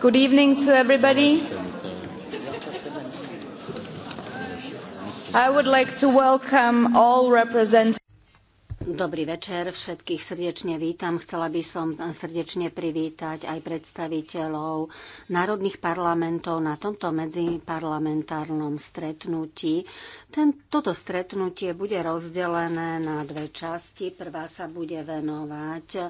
Good evening to everybody. I would like to welcome all representatives. Dobrý večer, všetkých srdečne vítam. Chcela by som srdečne privítať aj predstaviteľov národných parlamentov na tomto medziparlamentárnom stretnutí. Ten, toto stretnutie bude rozdelené na dve časti. Prvá sa bude venovať e,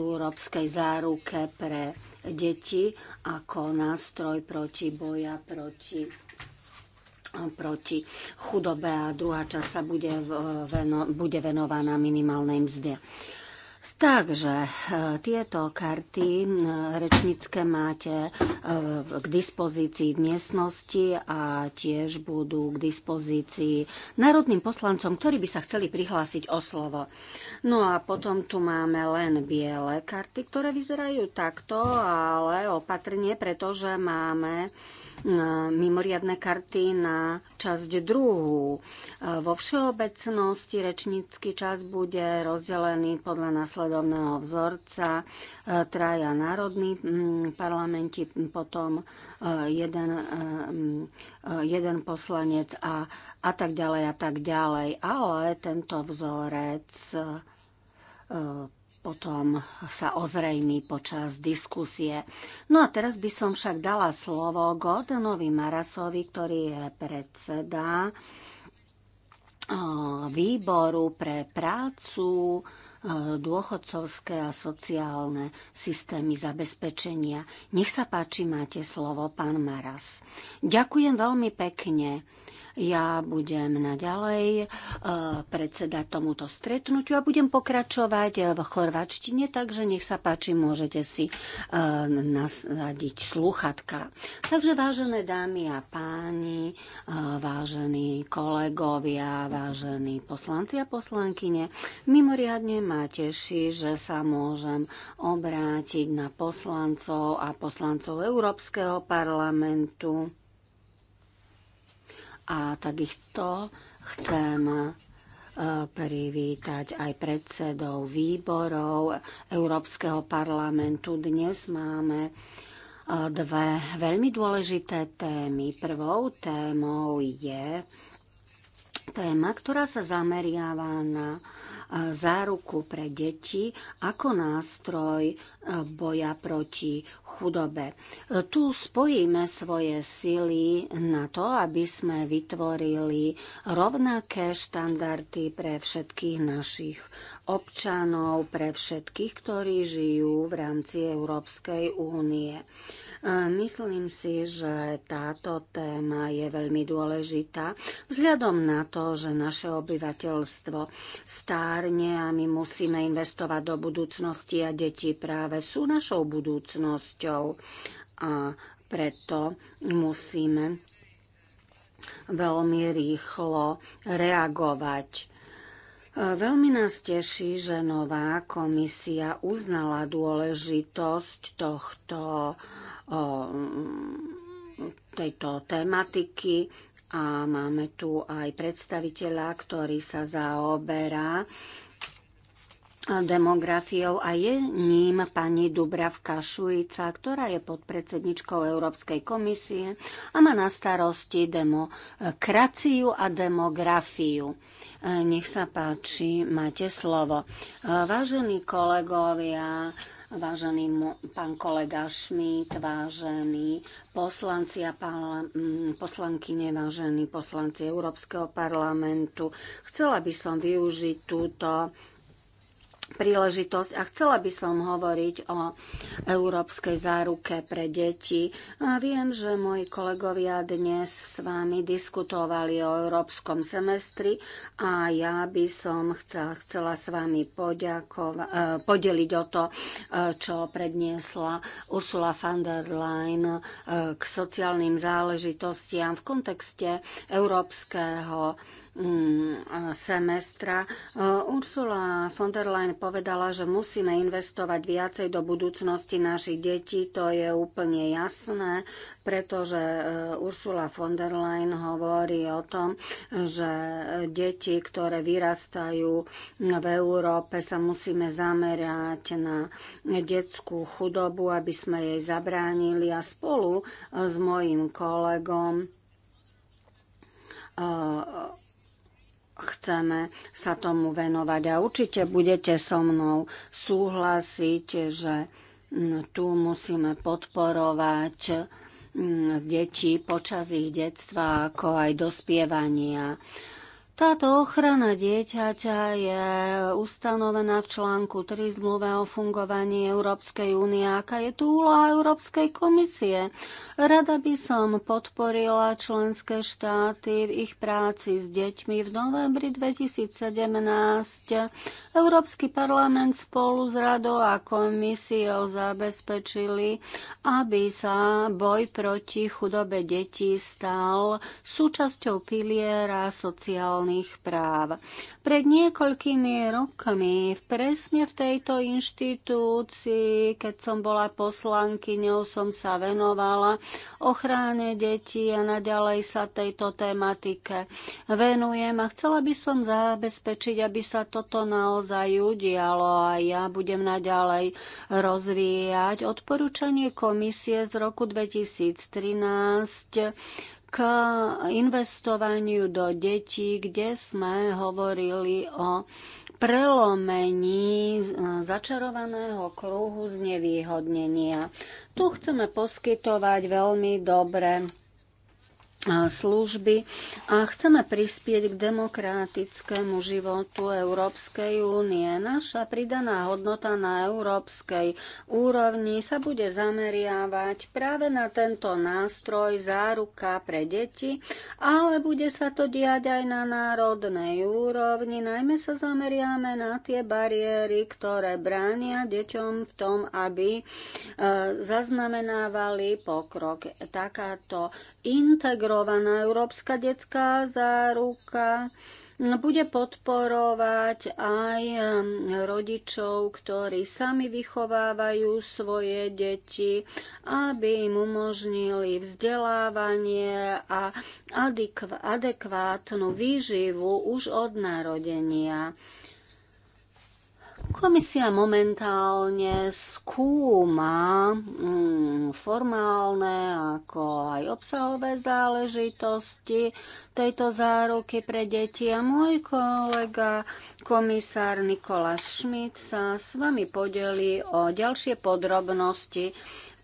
Európskej záruke pre deti ako nástroj proti boja proti proti chudobe a druhá časť sa bude, veno, bude venovaná minimálnej mzde. Takže e, tieto karty rečnícke máte e, k dispozícii v miestnosti a tiež budú k dispozícii národným poslancom, ktorí by sa chceli prihlásiť o slovo. No a potom tu máme len biele karty, ktoré vyzerajú takto, ale opatrne, pretože máme mimoriadne karty na časť druhú. Vo všeobecnosti rečnícky čas bude rozdelený podľa následovného vzorca e, traja národní mm, parlamenti, potom e, jeden, e, mm, jeden poslanec a, a tak ďalej a tak ďalej. Ale tento vzorec potom sa ozrejmi počas diskusie. No a teraz by som však dala slovo Gordonovi Marasovi, ktorý je predseda eh, výboru pre prácu, eh, dôchodcovské a sociálne systémy zabezpečenia. Nech sa páči, máte slovo, pán Maras. Ďakujem veľmi pekne. Ja budem naďalej e, predseda tomuto stretnutiu a budem pokračovať e, v chorvačtine, takže nech sa páči, môžete si e, nasadiť sluchatka. Takže vážené dámy a páni, vážení kolegovia, vážení poslanci a poslankyne, mimoriadne ma teší, že sa môžem obrátiť na poslancov a poslancov Európskeho parlamentu a takisto chcem e, privítať aj predsedov výborov Európskeho parlamentu. Dnes máme e, dve veľmi dôležité témy. Prvou témou je téma, ktorá sa zameriava na e, záruku pre deti ako nástroj e, boja proti chudobe. E, tu spojíme svoje sily na to, aby sme vytvorili rovnaké štandardy pre všetkých našich občanov, pre všetkých, ktorí žijú v rámci Európskej únie. Myslím si, že táto téma je veľmi dôležitá vzhľadom na to, že naše obyvateľstvo stárne a my musíme investovať do budúcnosti a deti práve sú našou budúcnosťou. A preto musíme veľmi rýchlo reagovať. Veľmi nás teší, že nová komisia uznala dôležitosť tohto uh, Mm, tejto tematiky a máme tu aj predstaviteľa, ktorý sa zaoberá demografiou a je ním pani Dubravka Šujica, ktorá je podpredsedničkou Európskej komisie a má na starosti demokraciu a demografiu. Nech sa páči, máte slovo. Vážení kolegovia, vážený pán kolega Šmít, vážení poslanci a poslankyne, vážení poslanci Európskeho parlamentu. Chcela by som využiť túto príležitosť a chcela by som hovoriť o európskej záruke pre deti. A viem, že moji kolegovia dnes s vami diskutovali o európskom semestri a ja by som chcela, chcela s vami poďakova- e, podeliť o to, e, čo predniesla Ursula von der Leyen e, k sociálnym záležitostiam v kontexte európskeho Mm, semestra. E, Ursula von der Leyen povedala, že musíme investovať viacej do budúcnosti našich detí. To je úplne jasné, pretože e, Ursula von der Leyen hovorí o tom, že deti, ktoré vyrastajú v Európe, sa musíme zamerať na detskú chudobu, aby sme jej zabránili a spolu e, s mojim kolegom chceme sa tomu venovať. A určite budete so mnou súhlasiť, že mm, tu musíme podporovať mm, deti počas ich detstva, ako aj dospievania. Táto ochrana dieťaťa je ustanovená v článku 3 zmluve o fungovaní Európskej únie, aká je tu úloha Európskej komisie. Rada by som podporila členské štáty v ich práci s deťmi. V novembri 2017 Európsky parlament spolu s Radou a komisiou zabezpečili, aby sa boj proti chudobe detí stal súčasťou piliera sociálnej sociálnych práv. Pred niekoľkými rokmi presne v tejto inštitúcii, keď som bola poslankyňou, som sa venovala ochráne detí a naďalej sa tejto tematike venujem a chcela by som zabezpečiť, aby sa toto naozaj udialo a ja budem naďalej rozvíjať odporúčanie komisie z roku 2013 k investovaniu do detí, kde sme hovorili o prelomení e, začarovaného kruhu znevýhodnenia. Tu chceme poskytovať veľmi dobré služby a chceme prispieť k demokratickému životu Európskej únie. Naša pridaná hodnota na európskej úrovni sa bude zameriavať práve na tento nástroj záruka pre deti, ale bude sa to diať aj na národnej úrovni. Najmä sa zameriame na tie bariéry, ktoré bránia deťom v tom, aby e, zaznamenávali pokrok. Takáto integrovaná podporovaná. Európska detská záruka mm, bude podporovať aj mm, rodičov, ktorí sami vychovávajú svoje deti, aby im umožnili vzdelávanie a adekvátnu výživu už od narodenia. Komisia momentálne skúma mm, formálne ako aj obsahové záležitosti tejto záruky pre deti a môj kolega komisár Nikola Schmidt sa s vami podelí o ďalšie podrobnosti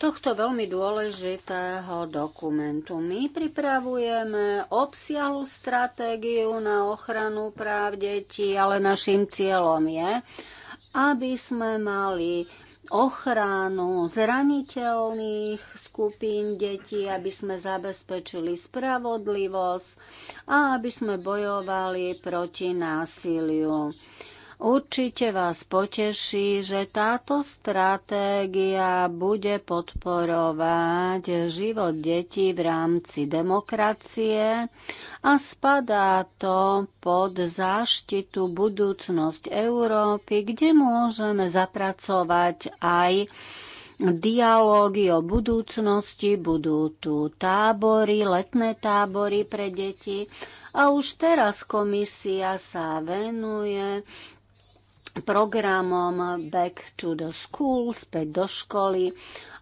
tohto veľmi dôležitého dokumentu. My pripravujeme obsiahlu stratégiu na ochranu práv detí, ale našim cieľom je, aby sme mali ochranu zraniteľných skupín detí, aby sme zabezpečili spravodlivosť a aby sme bojovali proti násiliu. Určite vás poteší, že táto stratégia bude podporovať život detí v rámci demokracie a spadá to pod záštitu budúcnosť Európy, kde môžeme zapracovať aj dialógy o budúcnosti, budú tu tábory, letné tábory pre deti. A už teraz komisia sa venuje programom Back to the School, späť do školy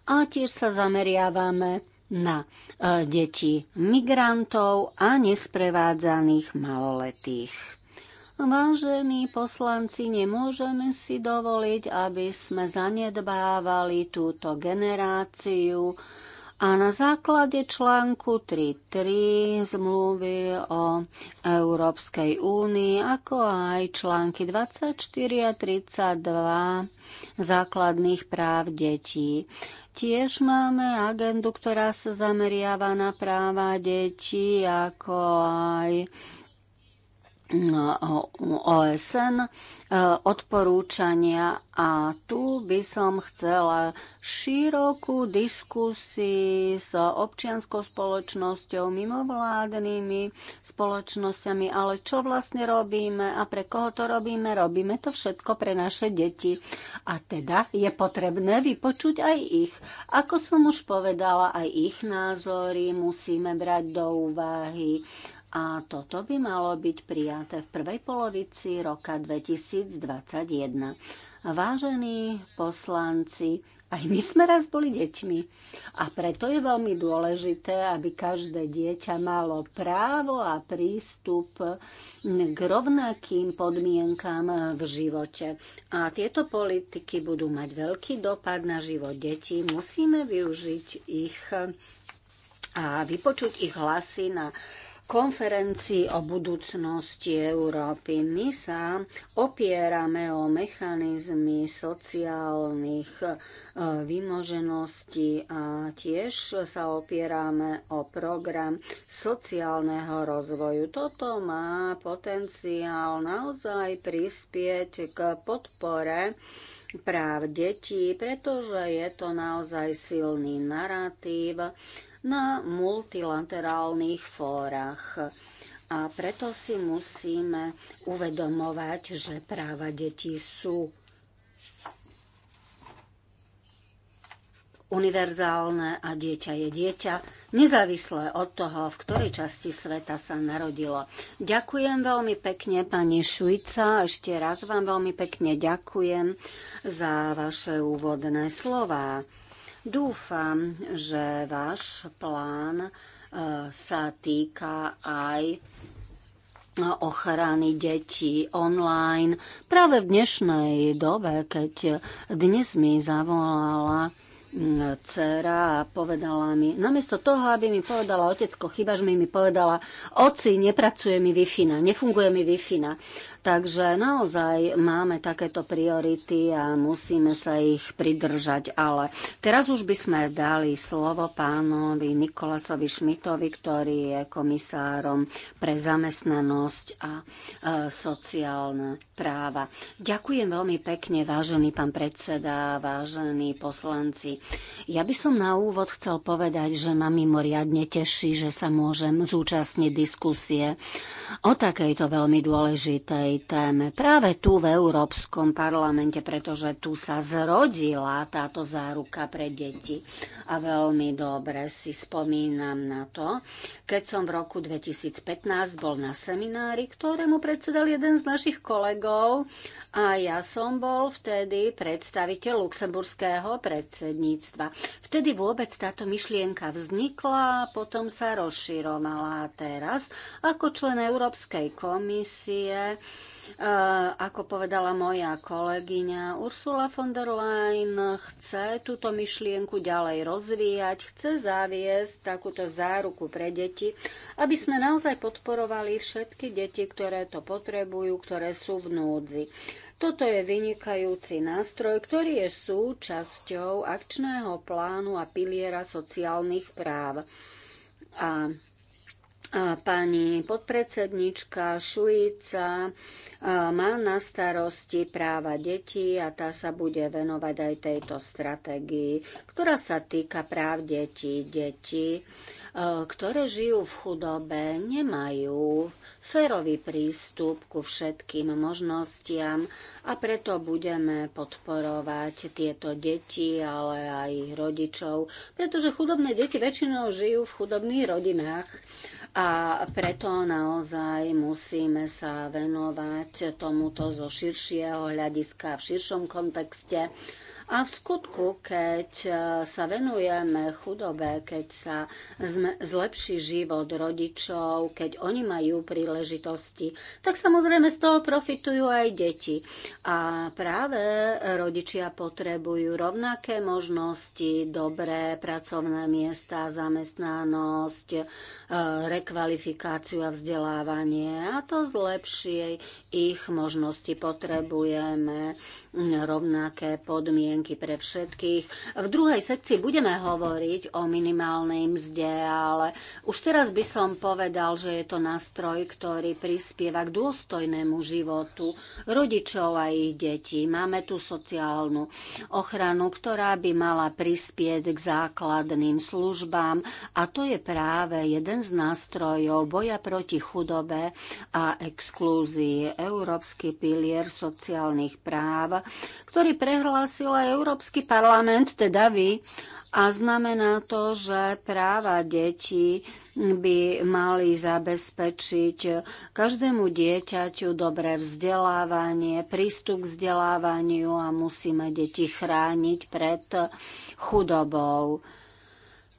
a tiež sa zameriavame na e, deti migrantov a nesprevádzaných maloletých. Vážení poslanci, nemôžeme si dovoliť, aby sme zanedbávali túto generáciu, a na základe článku 3.3 zmluvy o Európskej únii, ako aj články 24 a 32 základných práv detí. Tiež máme agendu, ktorá sa zameriava na práva detí, ako aj OSN e, odporúčania a tu by som chcela širokú diskusii s občianskou spoločnosťou, mimovládnymi spoločnosťami, ale čo vlastne robíme a pre koho to robíme, robíme to všetko pre naše deti. A teda je potrebné vypočuť aj ich. Ako som už povedala, aj ich názory musíme brať do úvahy a toto by malo byť prijaté v prvej polovici roka 2021. Vážení poslanci, aj my sme raz boli deťmi a preto je veľmi dôležité, aby každé dieťa malo právo a prístup k rovnakým podmienkam v živote. A tieto politiky budú mať veľký dopad na život detí. Musíme využiť ich a vypočuť ich hlasy na konferencii o budúcnosti Európy my sa opierame o mechanizmy sociálnych e, vymožeností a tiež sa opierame o program sociálneho rozvoju. Toto má potenciál naozaj prispieť k podpore práv detí, pretože je to naozaj silný narratív na multilaterálnych fórach. A preto si musíme uvedomovať, že práva detí sú univerzálne a dieťa je dieťa, nezávisle od toho, v ktorej časti sveta sa narodilo. Ďakujem veľmi pekne, pani Šujca. Ešte raz vám veľmi pekne ďakujem za vaše úvodné slova. Dúfam, že váš plán e, sa týka aj ochrany detí online. Práve v dnešnej dobe, keď dnes mi zavolala dcera a povedala mi, namiesto toho, aby mi povedala otecko, chybaž mi mi povedala, oci, nepracuje mi wi nefunguje mi wi Takže naozaj máme takéto priority a musíme sa ich pridržať. Ale teraz už by sme dali slovo pánovi Nikolasovi Šmitovi, ktorý je komisárom pre zamestnanosť a e, sociálne práva. Ďakujem veľmi pekne, vážený pán predseda, vážení poslanci. Ja by som na úvod chcel povedať, že ma mimoriadne teší, že sa môžem zúčastniť diskusie o takejto veľmi dôležitej tej téme práve tu v Európskom parlamente, pretože tu sa zrodila táto záruka pre deti. A veľmi dobre si spomínam na to, keď som v roku 2015 bol na seminári, ktorému predsedal jeden z našich kolegov a ja som bol vtedy predstaviteľ luxemburského predsedníctva. Vtedy vôbec táto myšlienka vznikla a potom sa rozširovala. A teraz ako člen Európskej komisie Eh, ako povedala moja kolegyňa, Ursula von der Leyen chce túto myšlienku ďalej rozvíjať, chce zaviesť takúto záruku pre deti, aby sme naozaj podporovali všetky deti, ktoré to potrebujú, ktoré sú v núdzi. Toto je vynikajúci nástroj, ktorý je súčasťou akčného plánu a piliera sociálnych práv. A pani podpredsednička Šujica e, má na starosti práva detí a tá sa bude venovať aj tejto stratégii, ktorá sa týka práv detí. Deti, e, ktoré žijú v chudobe, nemajú férový prístup ku všetkým možnostiam a preto budeme podporovať tieto deti, ale aj ich rodičov, pretože chudobné deti väčšinou žijú v chudobných rodinách a preto naozaj musíme sa venovať tomuto zo širšieho hľadiska v širšom kontexte a v skutku, keď e, sa venujeme chudobe, keď sa zlepší život rodičov, keď oni majú príležitosti, tak samozrejme z toho profitujú aj deti. A práve rodičia potrebujú rovnaké možnosti, dobré pracovné miesta, zamestnanosť, e, rekvalifikáciu a vzdelávanie. A to zlepšie ich možnosti potrebujeme rovnaké podmienky podmienky pre všetkých. V druhej sekcii budeme hovoriť o minimálnej mzde, ale už teraz by som povedal, že je to nástroj, ktorý prispieva k dôstojnému životu rodičov a ich detí. Máme tu sociálnu ochranu, ktorá by mala prispieť k základným službám a to je práve jeden z nástrojov boja proti chudobe a exklúzii. Európsky pilier sociálnych práv, ktorý prehlásila aj Európsky parlament, teda vy, a znamená to, že práva detí by mali zabezpečiť každému dieťaťu dobré vzdelávanie, prístup k vzdelávaniu a musíme deti chrániť pred chudobou.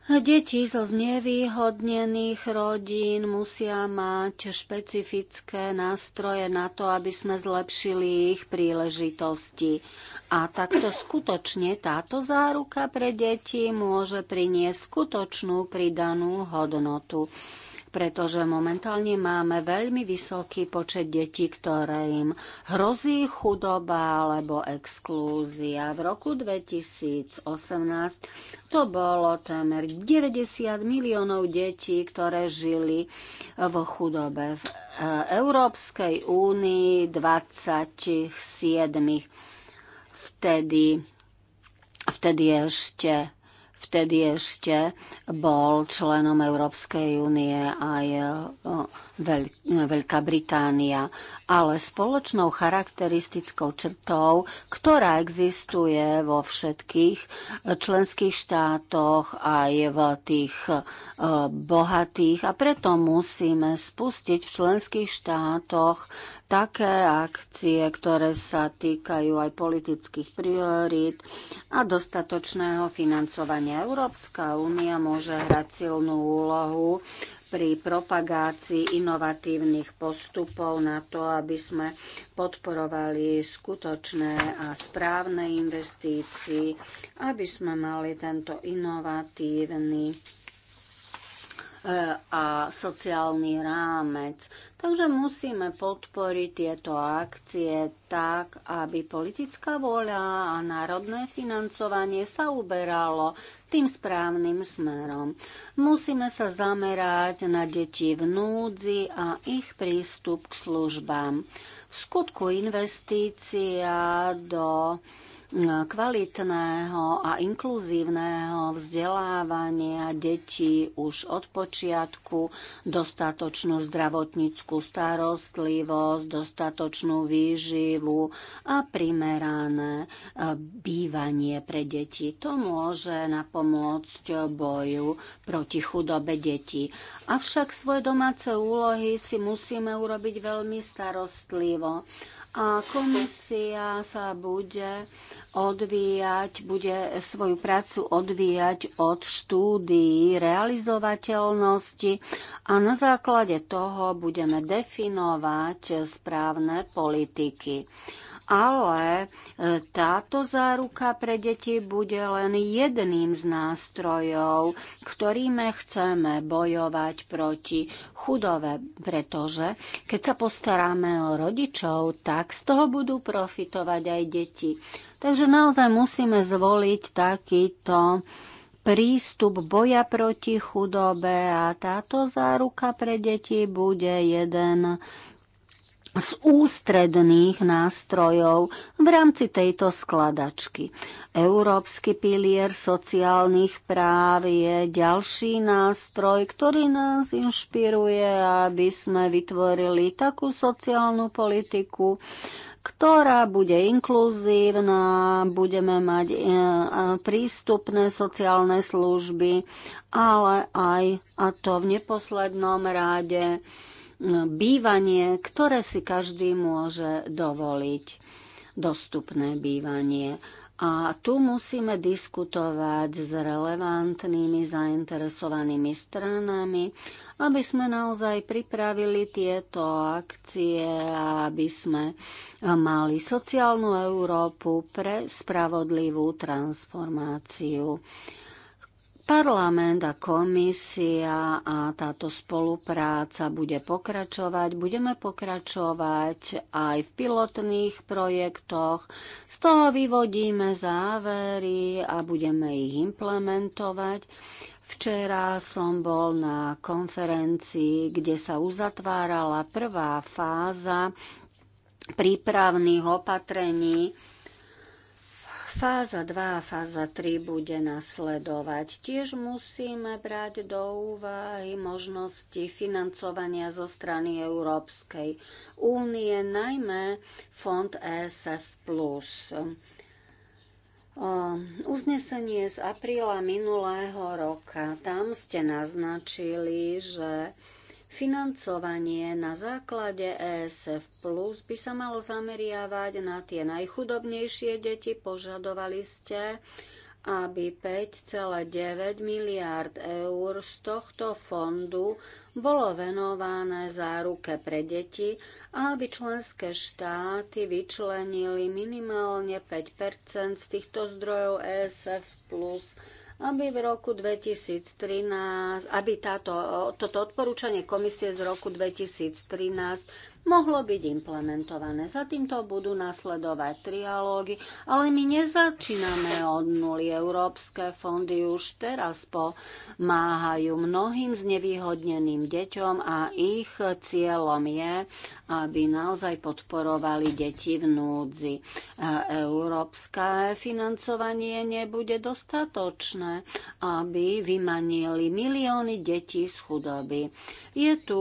Deti zo znevýhodnených rodín musia mať špecifické nástroje na to, aby sme zlepšili ich príležitosti. A takto skutočne táto záruka pre deti môže priniesť skutočnú pridanú hodnotu pretože momentálne máme veľmi vysoký počet detí, ktoré im hrozí chudoba alebo exklúzia. V roku 2018 to bolo témer 90 miliónov detí, ktoré žili vo chudobe. V e, Európskej únii 27 vtedy, vtedy ešte vtedy ešte bol členom Európskej únie aj No, Veľká Británia, ale spoločnou charakteristickou črtou, ktorá existuje vo všetkých eh, členských štátoch aj v tých eh, bohatých. A preto musíme spustiť v členských štátoch také akcie, ktoré sa týkajú aj politických priorít a dostatočného financovania. Európska únia môže hrať silnú úlohu pri propagácii inovatívnych postupov na to, aby sme podporovali skutočné a správne investície, aby sme mali tento inovatívny E, a sociálny rámec. Takže musíme podporiť tieto akcie tak, aby politická voľa a národné financovanie sa uberalo tým správnym smerom. Musíme sa zamerať na deti v núdzi a ich prístup k službám. V skutku investícia do kvalitného a inkluzívneho vzdelávania detí už od počiatku, dostatočnú zdravotníckú starostlivosť, dostatočnú výživu a primerané e, bývanie pre deti. To môže napomôcť boju proti chudobe detí. Avšak svoje domáce úlohy si musíme urobiť veľmi starostlivo a komisia sa bude odvíjať, bude svoju prácu odvíjať od štúdií realizovateľnosti a na základe toho budeme definovať správne politiky ale e, táto záruka pre deti bude len jedným z nástrojov, ktorými chceme bojovať proti chudobe, pretože keď sa postaráme o rodičov, tak z toho budú profitovať aj deti. Takže naozaj musíme zvoliť takýto prístup boja proti chudobe a táto záruka pre deti bude jeden z ústredných nástrojov v rámci tejto skladačky. Európsky pilier sociálnych práv je ďalší nástroj, ktorý nás inšpiruje, aby sme vytvorili takú sociálnu politiku, ktorá bude inkluzívna, budeme mať e, e, prístupné sociálne služby, ale aj, a to v neposlednom rade, bývanie, ktoré si každý môže dovoliť, dostupné bývanie. A tu musíme diskutovať s relevantnými zainteresovanými stranami, aby sme naozaj pripravili tieto akcie, aby sme mali sociálnu Európu pre spravodlivú transformáciu. Parlament a komisia a táto spolupráca bude pokračovať. Budeme pokračovať aj v pilotných projektoch. Z toho vyvodíme závery a budeme ich implementovať. Včera som bol na konferencii, kde sa uzatvárala prvá fáza prípravných opatrení Fáza 2 a fáza 3 bude nasledovať. Tiež musíme brať do úvahy možnosti financovania zo strany Európskej únie, najmä fond ESF+. Uznesenie z apríla minulého roka, tam ste naznačili, že Financovanie na základe ESF Plus by sa malo zameriavať na tie najchudobnejšie deti. Požadovali ste, aby 5,9 miliard eur z tohto fondu bolo venované záruke pre deti a aby členské štáty vyčlenili minimálne 5 z týchto zdrojov ESF plus aby v roku 2013, aby táto, toto odporúčanie komisie z roku 2013 mohlo byť implementované. Za týmto budú nasledovať trialógy, ale my nezačíname od nuly. Európske fondy už teraz pomáhajú mnohým znevýhodneným deťom a ich cieľom je, aby naozaj podporovali deti v núdzi. Európske financovanie nebude dostatočné, aby vymanili milióny detí z chudoby. Je tu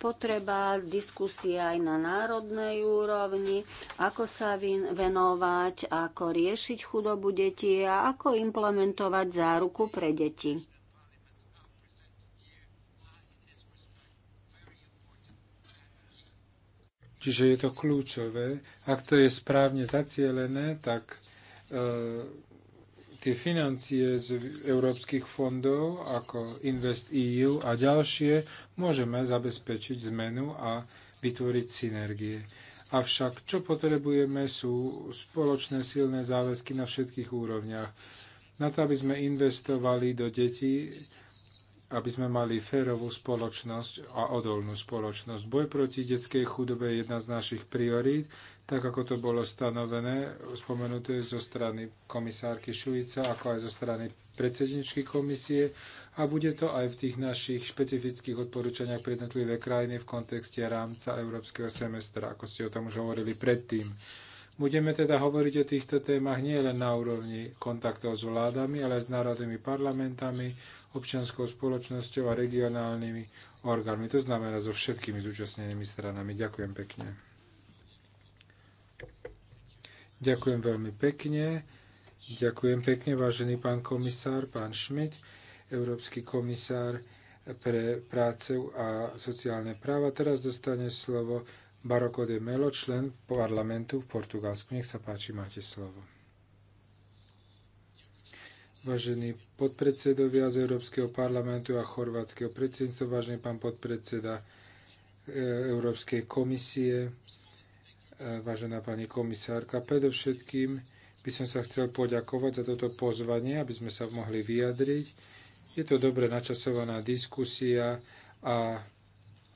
potreba diskusie veci aj na národnej úrovni, ako sa venovať, ako riešiť chudobu detí a ako implementovať záruku pre deti. Čiže je to kľúčové. Ak to je správne zacielené, tak e, tie financie z európskych fondov ako Invest EU a ďalšie môžeme zabezpečiť zmenu a vytvoriť synergie. Avšak čo potrebujeme sú spoločné silné záväzky na všetkých úrovniach. Na to, aby sme investovali do detí, aby sme mali férovú spoločnosť a odolnú spoločnosť. Boj proti detskej chudobe je jedna z našich priorít, tak ako to bolo stanovené, spomenuté zo strany komisárky Šujica, ako aj zo strany predsedničky komisie a bude to aj v tých našich špecifických odporúčaniach pre jednotlivé krajiny v kontexte rámca európskeho semestra, ako ste o tom už hovorili predtým. Budeme teda hovoriť o týchto témach nie len na úrovni kontaktov s vládami, ale aj s národnými parlamentami, občianskou spoločnosťou a regionálnymi orgánmi. To znamená so všetkými zúčastnenými stranami. Ďakujem pekne. Ďakujem veľmi pekne. Ďakujem pekne, vážený pán komisár, pán Šmit európsky komisár pre práce a sociálne práva. Teraz dostane slovo Baroko de Melo, člen parlamentu v Portugalsku. Nech sa páči, máte slovo. Vážení podpredsedovia z Európskeho parlamentu a chorvátskeho predsedníctva, vážený pán podpredseda e, Európskej komisie, e, vážená pani komisárka, predovšetkým by som sa chcel poďakovať za toto pozvanie, aby sme sa mohli vyjadriť je to dobre načasovaná diskusia a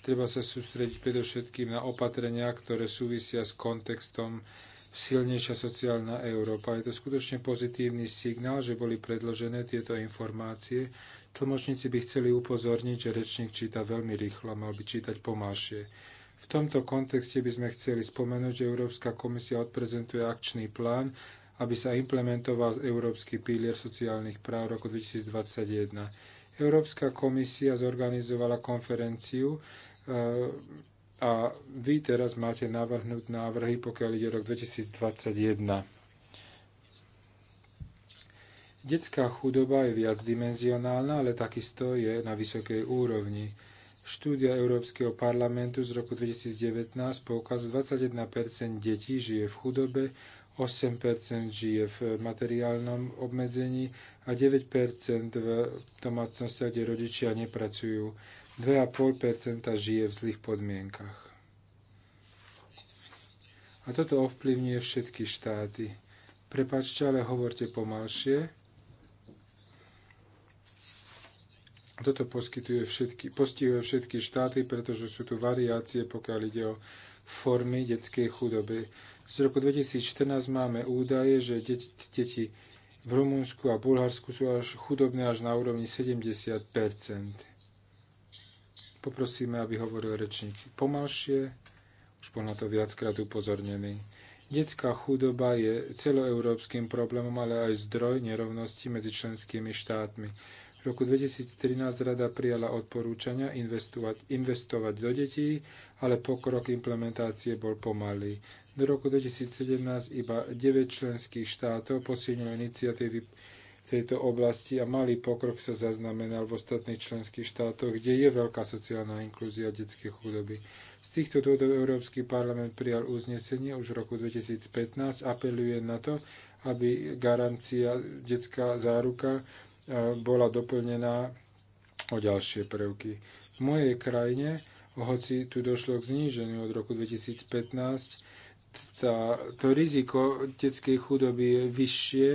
treba sa sústrediť predovšetkým na opatrenia, ktoré súvisia s kontextom silnejšia sociálna Európa. Je to skutočne pozitívny signál, že boli predložené tieto informácie. Tlmočníci by chceli upozorniť, že rečník číta veľmi rýchlo mal by čítať pomalšie. V tomto kontexte by sme chceli spomenúť, že Európska komisia odprezentuje akčný plán aby sa implementoval Európsky pilier sociálnych práv roku 2021. Európska komisia zorganizovala konferenciu eh, a vy teraz máte navrhnúť návrhy, pokiaľ ide rok 2021. Detská chudoba je viacdimenzionálna, ale takisto je na vysokej úrovni. Štúdia Európskeho parlamentu z roku 2019 že 21 detí žije v chudobe 8% žije v materiálnom obmedzení a 9% v domácnosti, kde rodičia nepracujú. 2,5% žije v zlých podmienkach. A toto ovplyvňuje všetky štáty. Prepačte, ale hovorte pomalšie. Toto poskytuje všetky, postihuje všetky štáty, pretože sú tu variácie, pokiaľ ide o formy detskej chudoby. Z roku 2014 máme údaje, že deti v Rumunsku a Bulharsku sú až chudobné až na úrovni 70 Poprosíme, aby hovoril rečník pomalšie, už bol na to viackrát upozornený. Detská chudoba je celoeurópskym problémom, ale aj zdroj nerovnosti medzi členskými štátmi. V roku 2013 rada prijala odporúčania investovať, investovať do detí, ale pokrok implementácie bol pomalý. Do roku 2017 iba 9 členských štátov posilnilo iniciatívy v tejto oblasti a malý pokrok sa zaznamenal v ostatných členských štátoch, kde je veľká sociálna inklúzia detskej chudoby. Z týchto dôvodov Európsky parlament prijal uznesenie už v roku 2015, apeluje na to, aby garancia, detská záruka bola doplnená o ďalšie prvky. V mojej krajine, hoci tu došlo k zníženiu od roku 2015, tá, to riziko detskej chudoby je vyššie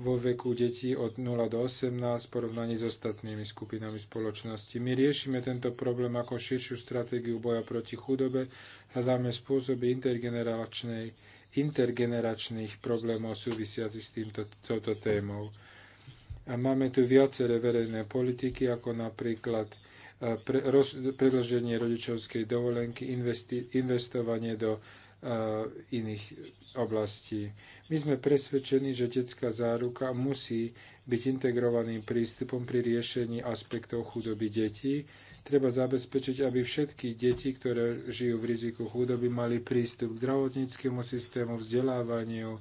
vo veku detí od 0 do 18 v porovnaní s ostatnými skupinami spoločnosti. My riešime tento problém ako širšiu stratégiu boja proti chudobe, hľadáme spôsoby intergeneračnej, intergeneračných problémov súvisiacich s týmto, touto témou. A máme tu viaceré verejné politiky, ako napríklad e, predloženie predlženie rodičovskej dovolenky, investi, investovanie do uh, iných oblastí. My sme presvedčení, že detská záruka musí byť integrovaným prístupom pri riešení aspektov chudoby detí. Treba zabezpečiť, aby všetky deti, ktoré žijú v riziku chudoby, mali prístup k zdravotníckému systému, vzdelávaniu,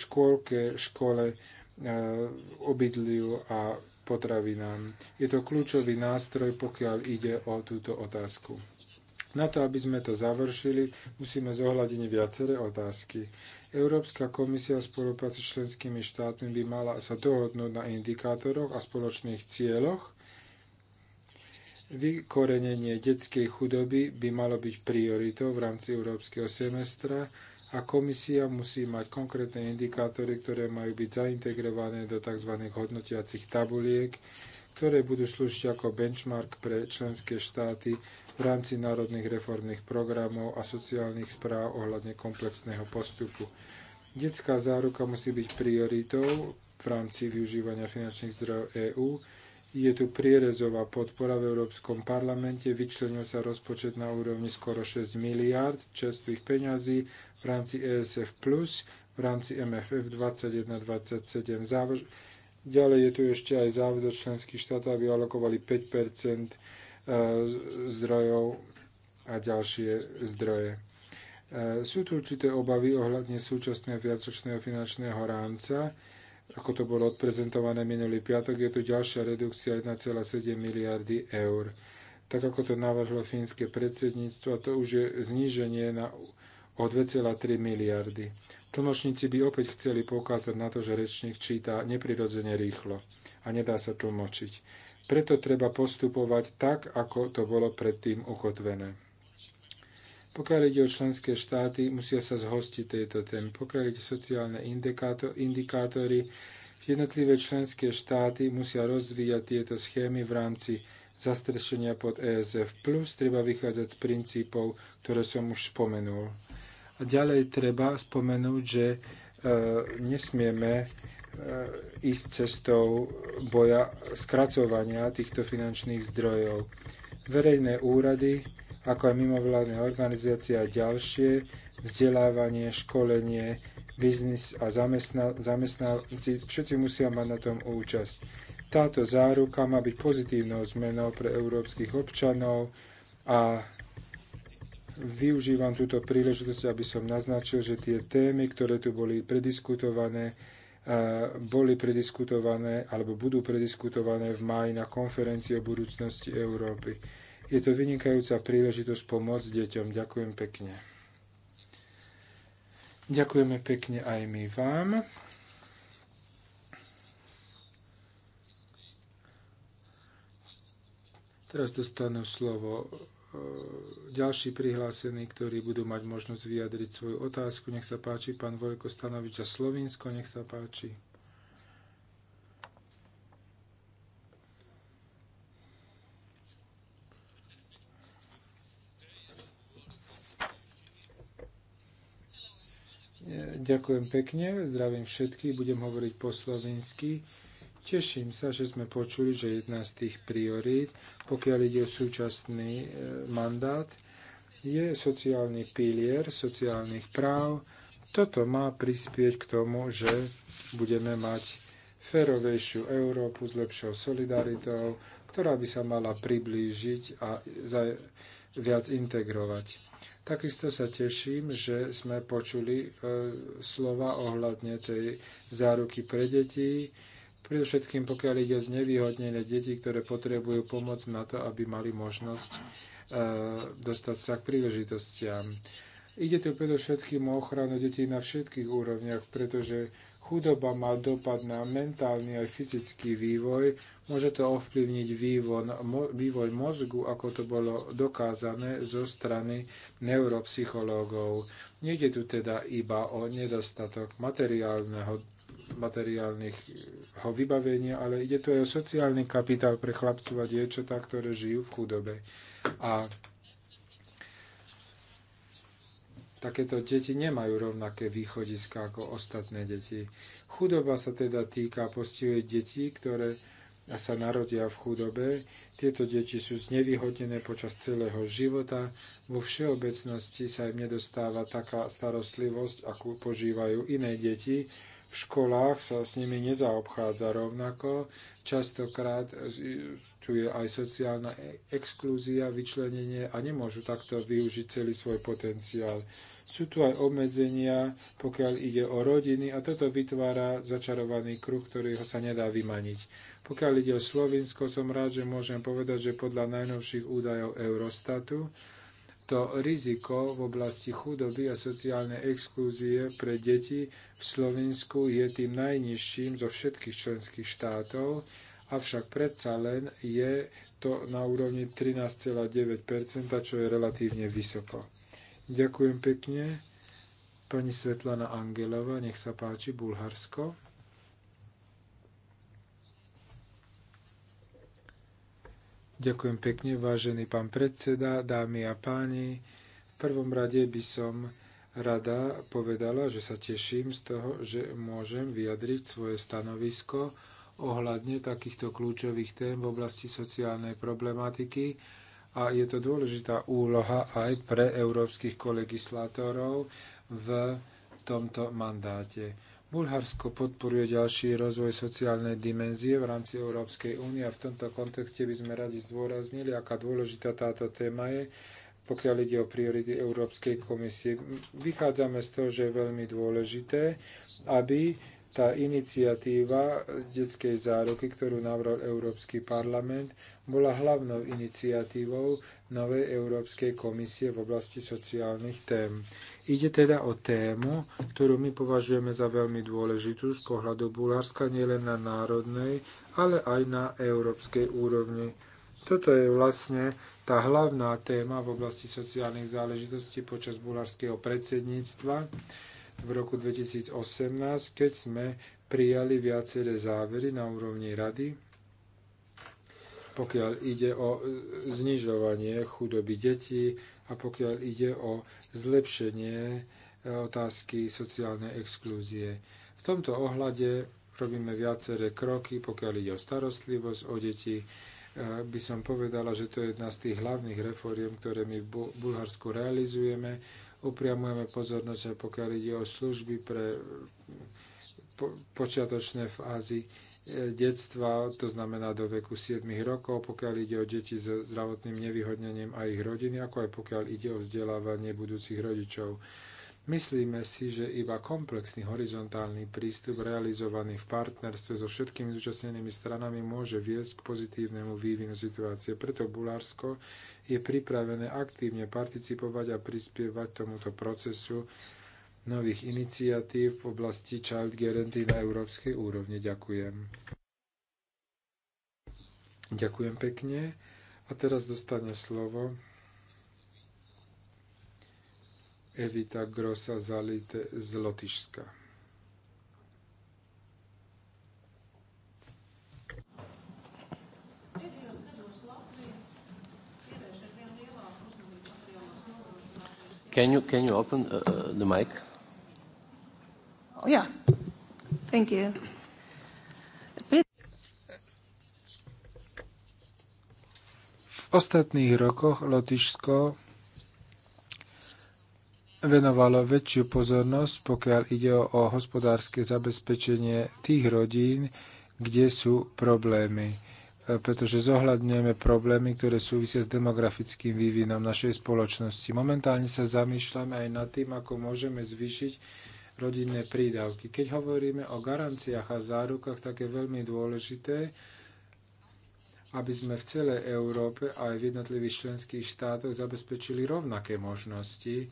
škôlke, škole E, obydliu a potravinám. Je to kľúčový nástroj, pokiaľ ide o túto otázku. Na to, aby sme to završili, musíme zohľadiť viaceré otázky. Európska komisia v spolupráci s členskými štátmi by mala sa dohodnúť na indikátoroch a spoločných cieľoch. Vykorenenie detskej chudoby by malo byť prioritou v rámci európskeho semestra a komisia musí mať konkrétne indikátory, ktoré majú byť zaintegrované do tzv. hodnotiacich tabuliek, ktoré budú slúžiť ako benchmark pre členské štáty v rámci národných reformných programov a sociálnych správ ohľadne komplexného postupu. Detská záruka musí byť prioritou v rámci využívania finančných zdrojov EÚ. Je tu prierezová podpora v Európskom parlamente, vyčlenil sa rozpočet na úrovni skoro 6 miliárd čerstvých peňazí v rámci ESF+, v rámci MFF 21-27. Závaž... Ďalej je tu ešte aj záväzok členských štátov, aby alokovali 5 e, zdrojov a ďalšie zdroje. E, sú tu určité obavy ohľadne súčasného viacročného finančného rámca, ako to bolo odprezentované minulý piatok, je tu ďalšia redukcia 1,7 miliardy eur. Tak ako to navrhlo fínske predsedníctvo, to už je zníženie na o 2,3 miliardy. Tlmočníci by opäť chceli poukázať na to, že rečník číta neprirodzene rýchlo a nedá sa tlmočiť. Preto treba postupovať tak, ako to bolo predtým ukotvené. Pokiaľ ide o členské štáty, musia sa zhostiť tejto témy. Pokiaľ ide sociálne indikátory, jednotlivé členské štáty musia rozvíjať tieto schémy v rámci zastrešenia pod ESF+, treba vychádzať z princípov, ktoré som už spomenul. A ďalej treba spomenúť, že e, nesmieme e, ísť cestou boja skracovania týchto finančných zdrojov. Verejné úrady, ako aj mimovládne organizácie a ďalšie, vzdelávanie, školenie, biznis a zamestnanci, všetci musia mať na tom účasť. Táto záruka má byť pozitívnou zmenou pre európskych občanov a využívam túto príležitosť, aby som naznačil, že tie témy, ktoré tu boli prediskutované, boli prediskutované alebo budú prediskutované v máji na konferencii o budúcnosti Európy. Je to vynikajúca príležitosť pomôcť deťom. Ďakujem pekne. Ďakujeme pekne aj my vám. Teraz dostanú slovo E, ďalší prihlásení, ktorí budú mať možnosť vyjadriť svoju otázku. Nech sa páči, pán Vojko Stanovič a Slovinsko, nech sa páči. E, ďakujem pekne, zdravím všetky, budem hovoriť po slovinsky. Teším sa, že sme počuli, že jedna z tých priorít, pokiaľ ide o súčasný e, mandát, je sociálny pilier sociálnych práv. Toto má prispieť k tomu, že budeme mať férovejšiu Európu s lepšou solidaritou, ktorá by sa mala priblížiť a viac integrovať. Takisto sa teším, že sme počuli e, slova ohľadne tej záruky pre deti, Predovšetkým pokiaľ ide o znevýhodnené deti, ktoré potrebujú pomoc na to, aby mali možnosť e, dostať sa k príležitostiam. Ide tu predovšetkým o ochranu detí na všetkých úrovniach, pretože chudoba má dopad na mentálny aj fyzický vývoj. Môže to ovplyvniť vývoj, vývoj mozgu, ako to bolo dokázané zo strany neuropsychológov. Nejde tu teda iba o nedostatok materiálneho materiálnych eh, ho vybavenia, ale ide tu aj o sociálny kapitál pre chlapcov a dievčatá, ktoré žijú v chudobe. A takéto deti nemajú rovnaké východiska ako ostatné deti. Chudoba sa teda týka, postihuje detí, ktoré sa narodia v chudobe. Tieto deti sú znevýhodnené počas celého života. Vo všeobecnosti sa im nedostáva taká starostlivosť, akú požívajú iné deti v školách sa s nimi nezaobchádza rovnako. Častokrát tu je aj sociálna e- exklúzia, vyčlenenie a nemôžu takto využiť celý svoj potenciál. Sú tu aj obmedzenia, pokiaľ ide o rodiny a toto vytvára začarovaný kruh, ktorého sa nedá vymaniť. Pokiaľ ide o Slovinsko, som rád, že môžem povedať, že podľa najnovších údajov Eurostatu to riziko v oblasti chudoby a sociálnej exkluzie pre deti v Slovensku je tým najnižším zo všetkých členských štátov, avšak predsa len je to na úrovni 13,9%, čo je relatívne vysoko. Ďakujem pekne. Pani Svetlana Angelova, nech sa páči, Bulharsko. Ďakujem pekne, vážený pán predseda, dámy a páni. V prvom rade by som rada povedala, že sa teším z toho, že môžem vyjadriť svoje stanovisko ohľadne takýchto kľúčových tém v oblasti sociálnej problematiky a je to dôležitá úloha aj pre európskych kolegislátorov v tomto mandáte. Bulharsko podporuje ďalší rozvoj sociálnej dimenzie v rámci Európskej únie a v tomto kontexte by sme radi zdôraznili, aká dôležitá táto téma je, pokiaľ ide o priority Európskej komisie. Vychádzame z toho, že je veľmi dôležité, aby tá iniciatíva detskej záruky, ktorú navrhol Európsky parlament, bola hlavnou iniciatívou novej Európskej komisie v oblasti sociálnych tém. Ide teda o tému, ktorú my považujeme za veľmi dôležitú z pohľadu Bulharska nielen na národnej, ale aj na európskej úrovni. Toto je vlastne tá hlavná téma v oblasti sociálnych záležitostí počas bulharského predsedníctva v roku 2018, keď sme prijali viaceré závery na úrovni rady pokiaľ ide o e, znižovanie chudoby detí a pokiaľ ide o zlepšenie e, otázky sociálnej exklúzie. V tomto ohľade robíme viaceré kroky, pokiaľ ide o starostlivosť o deti. E, by som povedala, že to je jedna z tých hlavných reforiem, ktoré my v Bulharsku realizujeme. Upriamujeme pozornosť, pokiaľ ide o služby pre počiatočné fázy detstva, to znamená do veku 7 rokov, pokiaľ ide o deti so zdravotným nevyhodnením a ich rodiny, ako aj pokiaľ ide o vzdelávanie budúcich rodičov. Myslíme si, že iba komplexný horizontálny prístup realizovaný v partnerstve so všetkými zúčastnenými stranami môže viesť k pozitívnemu vývinu situácie. Preto Bulársko je pripravené aktívne participovať a prispievať tomuto procesu nových iniciatív v oblasti Child Guarantee na európskej úrovni. Ďakujem. Ďakujem pekne. A teraz dostane slovo Evita Grossa Zalite z Lotyšska. Can you, can you open uh, uh the mic? yeah. Thank you. V ostatných rokoch Lotyšsko venovalo väčšiu pozornosť, pokiaľ ide o hospodárske zabezpečenie tých rodín, kde sú problémy pretože zohľadňujeme problémy, ktoré súvisia s demografickým vývinom našej spoločnosti. Momentálne sa zamýšľame aj nad tým, ako môžeme zvýšiť rodinné prídavky. Keď hovoríme o garanciách a zárukách, tak je veľmi dôležité, aby sme v celej Európe aj v jednotlivých členských štátoch zabezpečili rovnaké možnosti,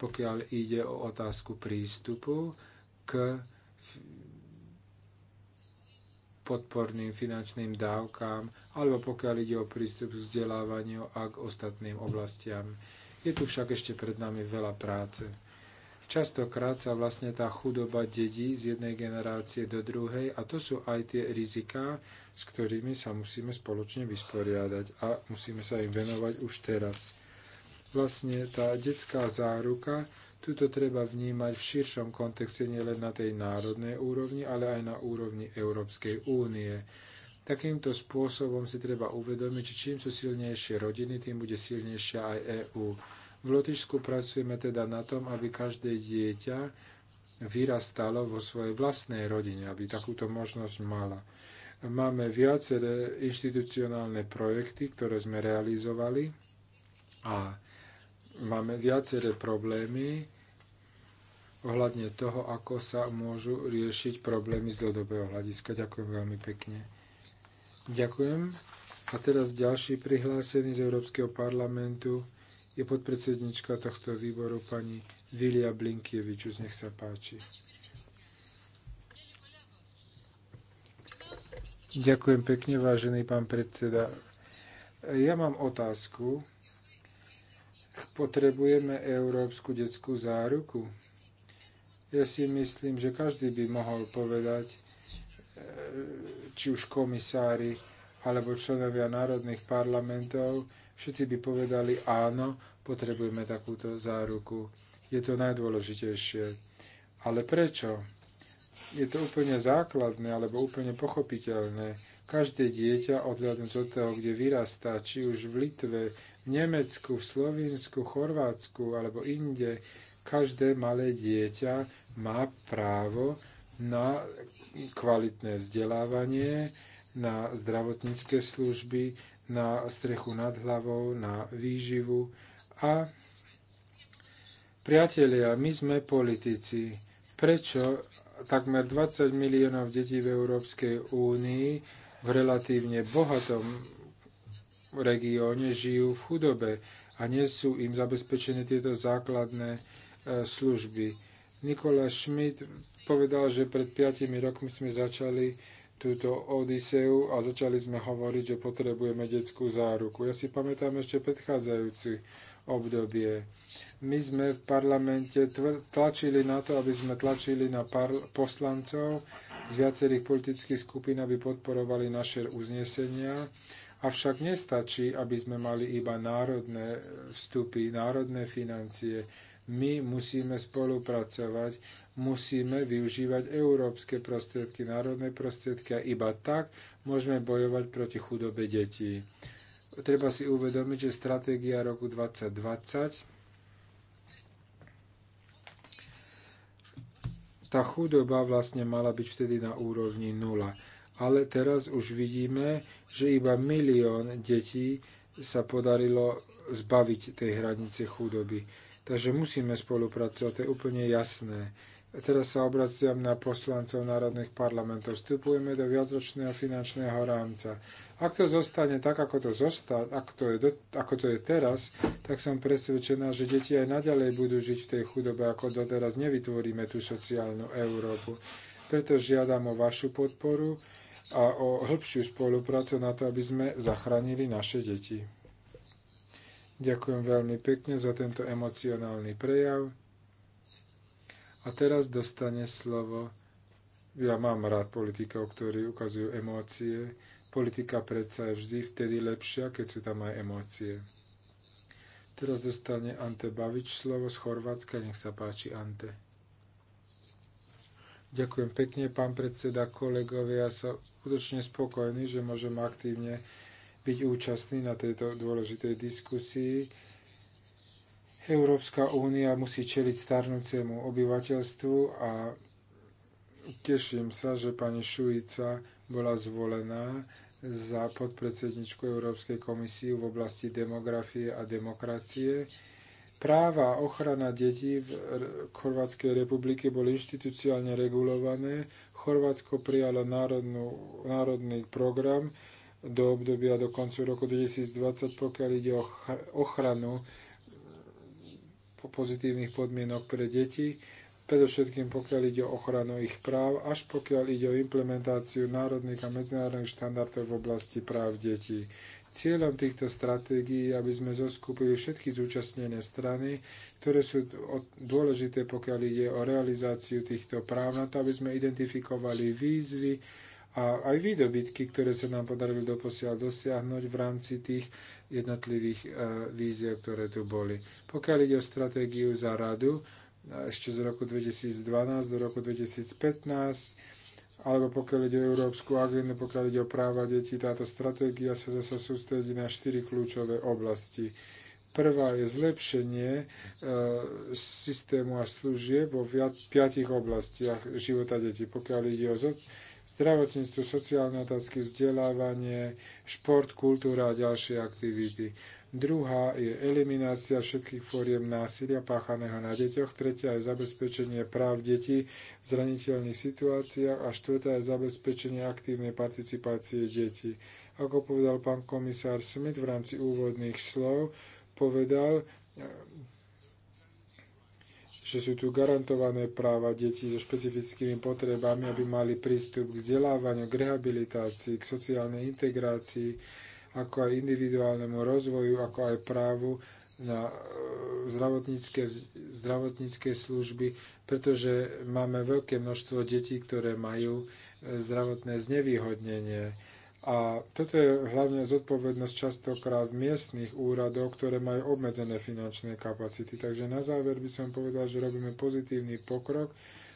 pokiaľ ide o otázku prístupu k podporným finančným dávkám alebo pokiaľ ide o prístup k vzdelávaniu a k ostatným oblastiam. Je tu však ešte pred nami veľa práce. Častokrát sa vlastne tá chudoba dedí z jednej generácie do druhej a to sú aj tie riziká, s ktorými sa musíme spoločne vysporiadať a musíme sa im venovať už teraz. Vlastne tá detská záruka, tuto treba vnímať v širšom kontexte nielen na tej národnej úrovni, ale aj na úrovni Európskej únie. Takýmto spôsobom si treba uvedomiť, že čím sú silnejšie rodiny, tým bude silnejšia aj EÚ. V Lotyšsku pracujeme teda na tom, aby každé dieťa vyrastalo vo svojej vlastnej rodine, aby takúto možnosť mala. Máme viaceré inštitucionálne projekty, ktoré sme realizovali a máme viaceré problémy ohľadne toho, ako sa môžu riešiť problémy z dlhodobého hľadiska. Ďakujem veľmi pekne. Ďakujem. A teraz ďalší prihlásený z Európskeho parlamentu, je podpredsednička tohto výboru pani Vilia Blinkievičus. Nech sa páči. Ďakujem pekne, vážený pán predseda. Ja mám otázku. Potrebujeme európsku detskú záruku? Ja si myslím, že každý by mohol povedať, e, či už komisári alebo členovia národných parlamentov, Všetci by povedali áno, potrebujeme takúto záruku. Je to najdôležitejšie. Ale prečo? Je to úplne základné alebo úplne pochopiteľné. Každé dieťa, odhľadnúť od toho, kde vyrastá, či už v Litve, v Nemecku, v Slovinsku, Chorvátsku alebo inde, každé malé dieťa má právo na kvalitné vzdelávanie, na zdravotnícke služby, na strechu nad hlavou, na výživu. A priatelia, my sme politici. Prečo takmer 20 miliónov detí v Európskej únii v relatívne bohatom regióne žijú v chudobe a nie sú im zabezpečené tieto základné e, služby. Nikola Schmidt povedal, že pred 5 rokmi sme začali túto Odiseu a začali sme hovoriť, že potrebujeme detskú záruku. Ja si pamätám ešte predchádzajúci obdobie. My sme v parlamente tlačili na to, aby sme tlačili na poslancov z viacerých politických skupín, aby podporovali naše uznesenia. Avšak nestačí, aby sme mali iba národné vstupy, národné financie. My musíme spolupracovať musíme využívať európske prostriedky, národné prostriedky a iba tak môžeme bojovať proti chudobe detí. Treba si uvedomiť, že stratégia roku 2020 tá chudoba vlastne mala byť vtedy na úrovni nula. Ale teraz už vidíme, že iba milión detí sa podarilo zbaviť tej hranice chudoby. Takže musíme spolupracovať, to je úplne jasné. Teraz sa obraciam na poslancov národných parlamentov. Vstupujeme do viacročného finančného rámca. Ak to zostane tak, ako to, zostal, ak to je, ako to je teraz, tak som presvedčená, že deti aj naďalej budú žiť v tej chudobe, ako doteraz nevytvoríme tú sociálnu Európu. Preto žiadam o vašu podporu a o hĺbšiu spoluprácu na to, aby sme zachránili naše deti. Ďakujem veľmi pekne za tento emocionálny prejav. A teraz dostane slovo, ja mám rád politikov, ktorí ukazujú emócie. Politika predsa je vždy vtedy lepšia, keď sú tam aj emócie. Teraz dostane Ante Bavič slovo z Chorvátska. Nech sa páči, Ante. Ďakujem pekne, pán predseda, kolegovia. Ja som skutočne spokojný, že môžem aktívne byť účastný na tejto dôležitej diskusii Európska únia musí čeliť starnúcemu obyvateľstvu a teším sa, že pani Šujica bola zvolená za podpredsedničku Európskej komisie v oblasti demografie a demokracie. Práva a ochrana detí v Chorvátskej republike boli inštitúciálne regulované. Chorvátsko prijalo národnú, národný program do obdobia do koncu roku 2020, pokiaľ ide o ochranu pozitívnych podmienok pre deti, predovšetkým pokiaľ ide o ochranu ich práv, až pokiaľ ide o implementáciu národných a medzinárodných štandardov v oblasti práv detí. Cieľom týchto stratégií je, aby sme zoskupili všetky zúčastnené strany, ktoré sú dôležité, pokiaľ ide o realizáciu týchto práv, na to, aby sme identifikovali výzvy, a aj výdobytky, ktoré sa nám podarilo doposiaľ dosiahnuť v rámci tých jednotlivých e, víziev, ktoré tu boli. Pokiaľ ide o stratégiu za radu, e, ešte z roku 2012 do roku 2015, alebo pokiaľ ide o Európsku agendu, pokiaľ ide o práva detí, táto stratégia sa zase sústredí na štyri kľúčové oblasti. Prvá je zlepšenie e, systému a služieb vo viac, piatich oblastiach života detí. Pokiaľ ide o zod, zdravotníctvo, sociálne otázky, vzdelávanie, šport, kultúra a ďalšie aktivity. Druhá je eliminácia všetkých fóriem násilia páchaného na deťoch. Tretia je zabezpečenie práv detí v zraniteľných situáciách. A štvrtá je zabezpečenie aktívnej participácie detí. Ako povedal pán komisár Smith v rámci úvodných slov, povedal, že sú tu garantované práva detí so špecifickými potrebami, aby mali prístup k vzdelávaniu, k rehabilitácii, k sociálnej integrácii, ako aj individuálnemu rozvoju, ako aj právu na e, zdravotnícke, zdravotnícke služby, pretože máme veľké množstvo detí, ktoré majú e, zdravotné znevýhodnenie. A toto je hlavne zodpovednosť častokrát miestnych úradov, ktoré majú obmedzené finančné kapacity. Takže na záver by som povedal, že robíme pozitívny pokrok,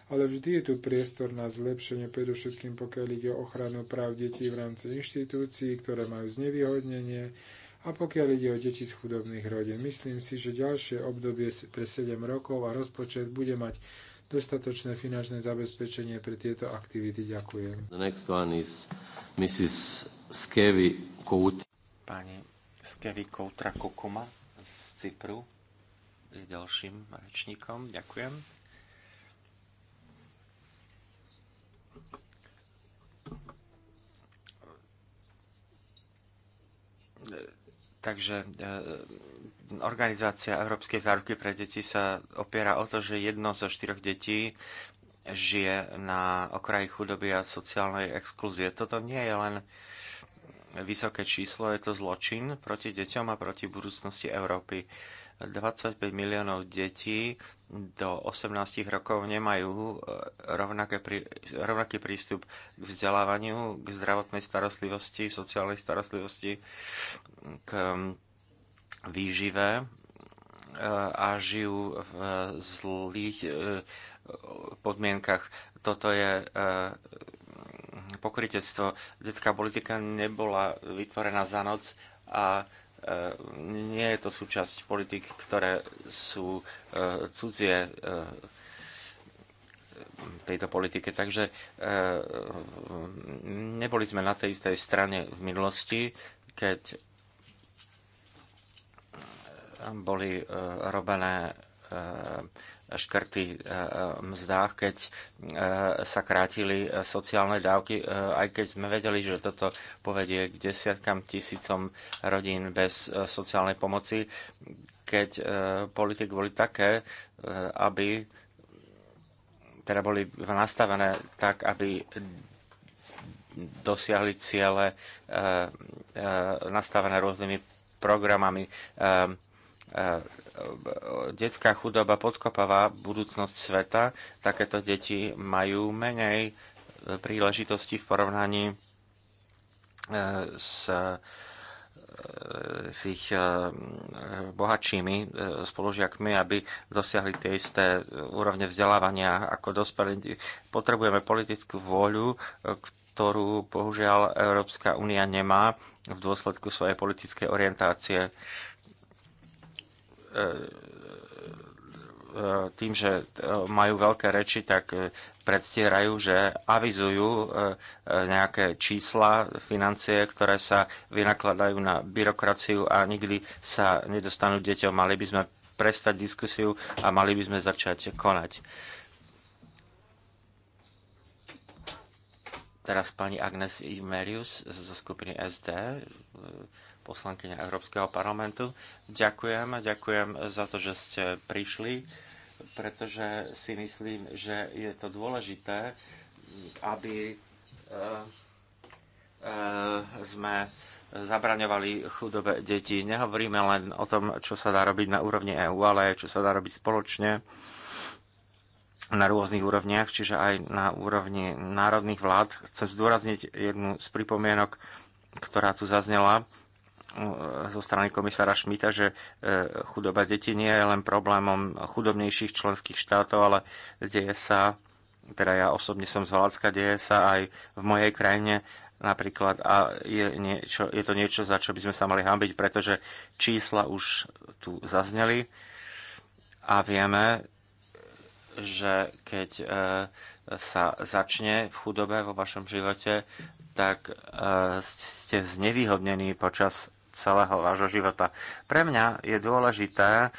ale vždy je tu priestor na zlepšenie, predovšetkým pokiaľ ide o ochranu práv detí v rámci inštitúcií, ktoré majú znevýhodnenie a pokiaľ ide o deti z chudobných rodín. Myslím si, že ďalšie obdobie pre 7 rokov a rozpočet bude mať dostatočné finančné zabezpečenie pre tieto aktivity. Ďakujem. The next one is Mrs. Skevi Kout. Pani Skevi Koutra Kokuma z Cypru je ďalším rečníkom. Ďakujem. Takže e, Organizácia Európskej záruky pre deti sa opiera o to, že jedno zo štyroch detí žije na okraji chudoby a sociálnej exkluzie. Toto nie je len vysoké číslo, je to zločin proti deťom a proti budúcnosti Európy. 25 miliónov detí do 18 rokov nemajú eh, rovnaký prístup k vzdelávaniu, k zdravotnej starostlivosti, sociálnej starostlivosti, k výživé e, a žijú v zlých e, podmienkach. Toto je e, pokrytectvo. Detská politika nebola vytvorená za noc a nie je to súčasť politik, ktoré sú cudzie tejto politike. Takže neboli sme na tej istej strane v minulosti, keď tam boli e, robené e, škrty e, mzdách, keď sa krátili sociálne dávky, aj keď sme vedeli, že toto povedie k desiatkam tisícom rodín bez sociálnej pomoci, keď politik boli také, aby teda boli nastavené tak, aby dosiahli ciele nastavené rôznymi programami Eh, detská chudoba podkopáva budúcnosť sveta. Takéto deti majú menej eh, príležitosti v porovnaní eh, s, s ich bohatšími spolužiakmi, aby dosiahli tie isté úrovne vzdelávania ako dospelí. Potrebujeme politickú vôľu, ktorú bohužiaľ Európska únia nemá v dôsledku svojej politickej orientácie. E, e, tým, že majú veľké reči, tak e, predstierajú, že avizujú nejaké čísla, financie, ktoré sa vynakladajú na byrokraciu a nikdy sa nedostanú deťom. Mali by sme prestať diskusiu a mali by sme začať konať. Teraz pani Agnes Imerius zo skupiny SD poslankyňa Európskeho parlamentu. Ďakujem a ďakujem za to, že ste prišli, pretože si myslím, že je to dôležité, aby e, e, sme zabraňovali chudobe detí. Nehovoríme len o tom, čo sa dá robiť na úrovni EÚ, ale aj čo sa dá robiť spoločne na rôznych úrovniach, čiže aj na úrovni národných vlád. Chcem zdôrazniť jednu z pripomienok, ktorá tu zaznela. Eh, zo strany komisára Šmita, že eh, chudoba detí nie je len problémom chudobnejších členských štátov, ale deje sa, teda ja osobne som z Holandska, deje sa aj v mojej krajine napríklad a je, niečo, je to niečo, za čo by sme sa mali hambiť, pretože čísla už tu zazneli a vieme, že keď eh, sa začne v chudobe vo vašom živote, tak ste znevýhodnení počas celého vášho života. Pre mňa je dôležité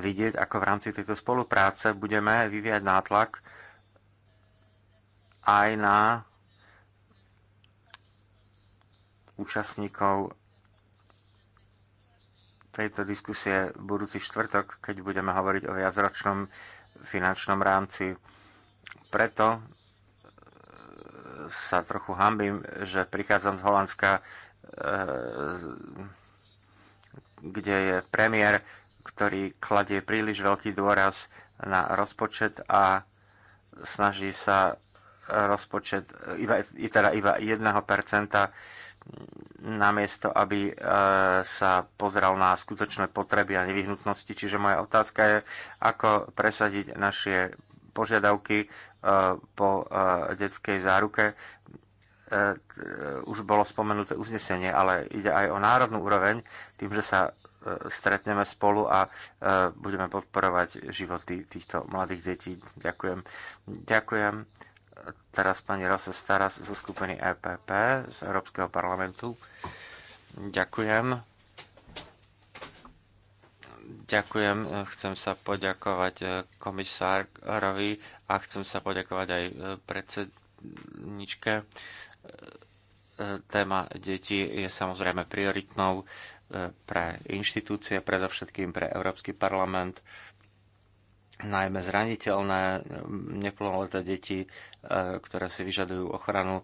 vidieť, ako v rámci tejto spolupráce budeme vyvíjať nátlak aj na účastníkov tejto diskusie budúci štvrtok, keď budeme hovoriť o viacročnom finančnom rámci. Preto sa trochu hambím, že prichádzam z Holandska, Eh, kde je premiér, ktorý kladie príliš veľký dôraz na rozpočet a snaží sa rozpočet iba, teda iba 1% namiesto, aby eh, sa pozrel na skutočné potreby a nevyhnutnosti. Čiže moja otázka je, ako presadiť naše požiadavky eh, po detskej záruke E, e, už bolo spomenuté uznesenie, ale ide aj o národnú úroveň, tým, že sa e, stretneme spolu a budeme podporovať životy týchto mladých detí. Ďakujem. Ďakujem. Teraz pani Rose Staras zo skupiny EPP z Európskeho parlamentu. Ďakujem. Ďakujem. Chcem sa poďakovať komisárovi a chcem sa poďakovať aj predsedničke E, téma detí je samozrejme prioritnou e, pre inštitúcie, predovšetkým pre Európsky parlament, najmä zraniteľné e, neplnoleté deti, ktoré si vyžadujú ochranu,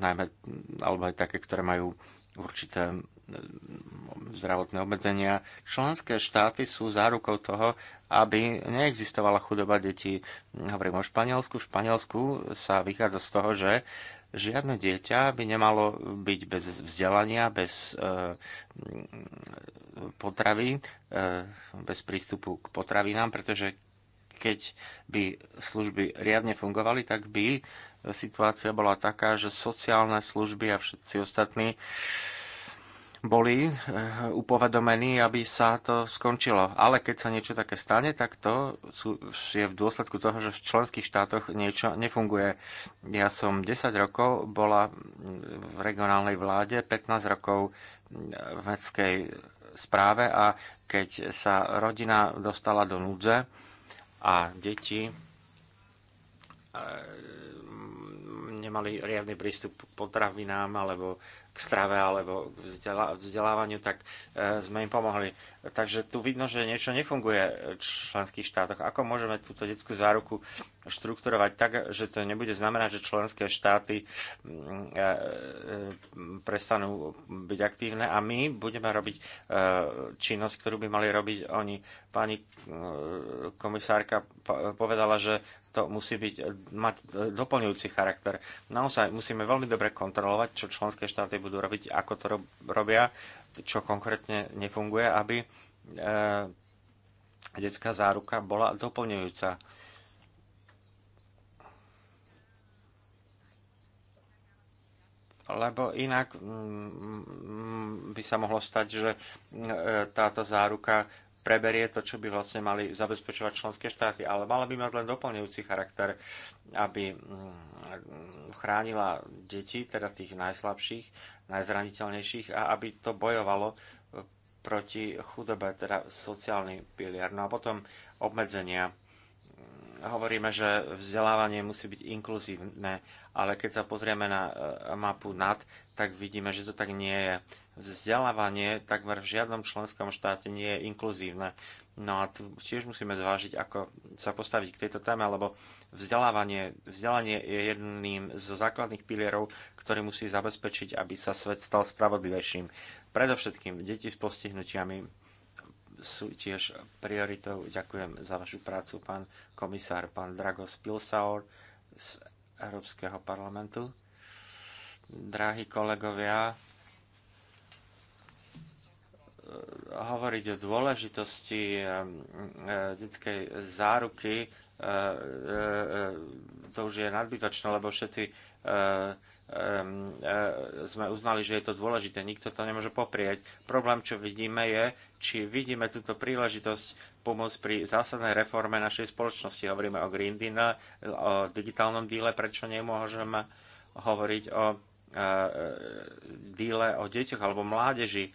najmä, alebo aj také, ktoré majú určité zdravotné obmedzenia. Členské štáty sú zárukou toho, aby neexistovala chudoba detí. Hovorím o Španielsku. V Španielsku sa vychádza z toho, že Žiadne dieťa by nemalo byť bez vzdelania, bez e, potravy, e, bez prístupu k potravinám, pretože keď by služby riadne fungovali, tak by situácia bola taká, že sociálne služby a všetci ostatní boli eh, upovedomení, aby sa to skončilo. Ale keď sa niečo také stane, tak to je v dôsledku toho, že v členských štátoch niečo nefunguje. Ja som 10 rokov bola v regionálnej vláde, 15 rokov v mestskej správe a keď sa rodina dostala do núdze a deti eh, nemali riadny prístup k potravinám alebo k strave alebo k vzdelávaniu, tak e, sme im pomohli. Takže tu vidno, že niečo nefunguje v členských štátoch. Ako môžeme túto detskú záruku štrukturovať tak, že to nebude znamenať, že členské štáty e, prestanú byť aktívne a my budeme robiť e, činnosť, ktorú by mali robiť oni. Pani komisárka povedala, že to musí byť, e, mať e, doplňujúci charakter. Naozaj musíme veľmi dobre kontrolovať, čo členské štáty budú robiť, ako to robia, čo konkrétne nefunguje, aby e, detská záruka bola doplňujúca. Lebo inak mm, mm, by sa mohlo stať, že e, táto záruka preberie to, čo by vlastne mali zabezpečovať členské štáty, ale mala by mať len doplňujúci charakter, aby mm, chránila deti, teda tých najslabších, najzraniteľnejších a aby to bojovalo e, proti chudobe, teda sociálny pilier. No a potom obmedzenia hovoríme, že vzdelávanie musí byť inkluzívne, ale keď sa pozrieme na e, mapu NAT, tak vidíme, že to tak nie je. Vzdelávanie takmer v žiadnom členskom štáte nie je inkluzívne. No a tu tiež musíme zvážiť, ako sa postaviť k tejto téme, lebo vzdelávanie, vzdelanie je jedným zo základných pilierov, ktorý musí zabezpečiť, aby sa svet stal spravodlivejším. Predovšetkým deti s postihnutiami sú tiež prioritou. Ďakujem za vašu prácu, pán komisár, pán Dragos Pilsaur z Európskeho parlamentu. Drahí kolegovia, hovoriť o dôležitosti eh, eh, detskej záruky, eh, to už je nadbytočné, lebo všetci Eh, eh, eh, sme uznali, že je to dôležité. Nikto to nemôže poprieť. Problém, čo vidíme, je, či vidíme túto príležitosť pomôcť pri zásadnej reforme našej spoločnosti. Hovoríme o Green Deal, o digitálnom díle, prečo nemôžeme hovoriť o díle o deťoch alebo mládeži.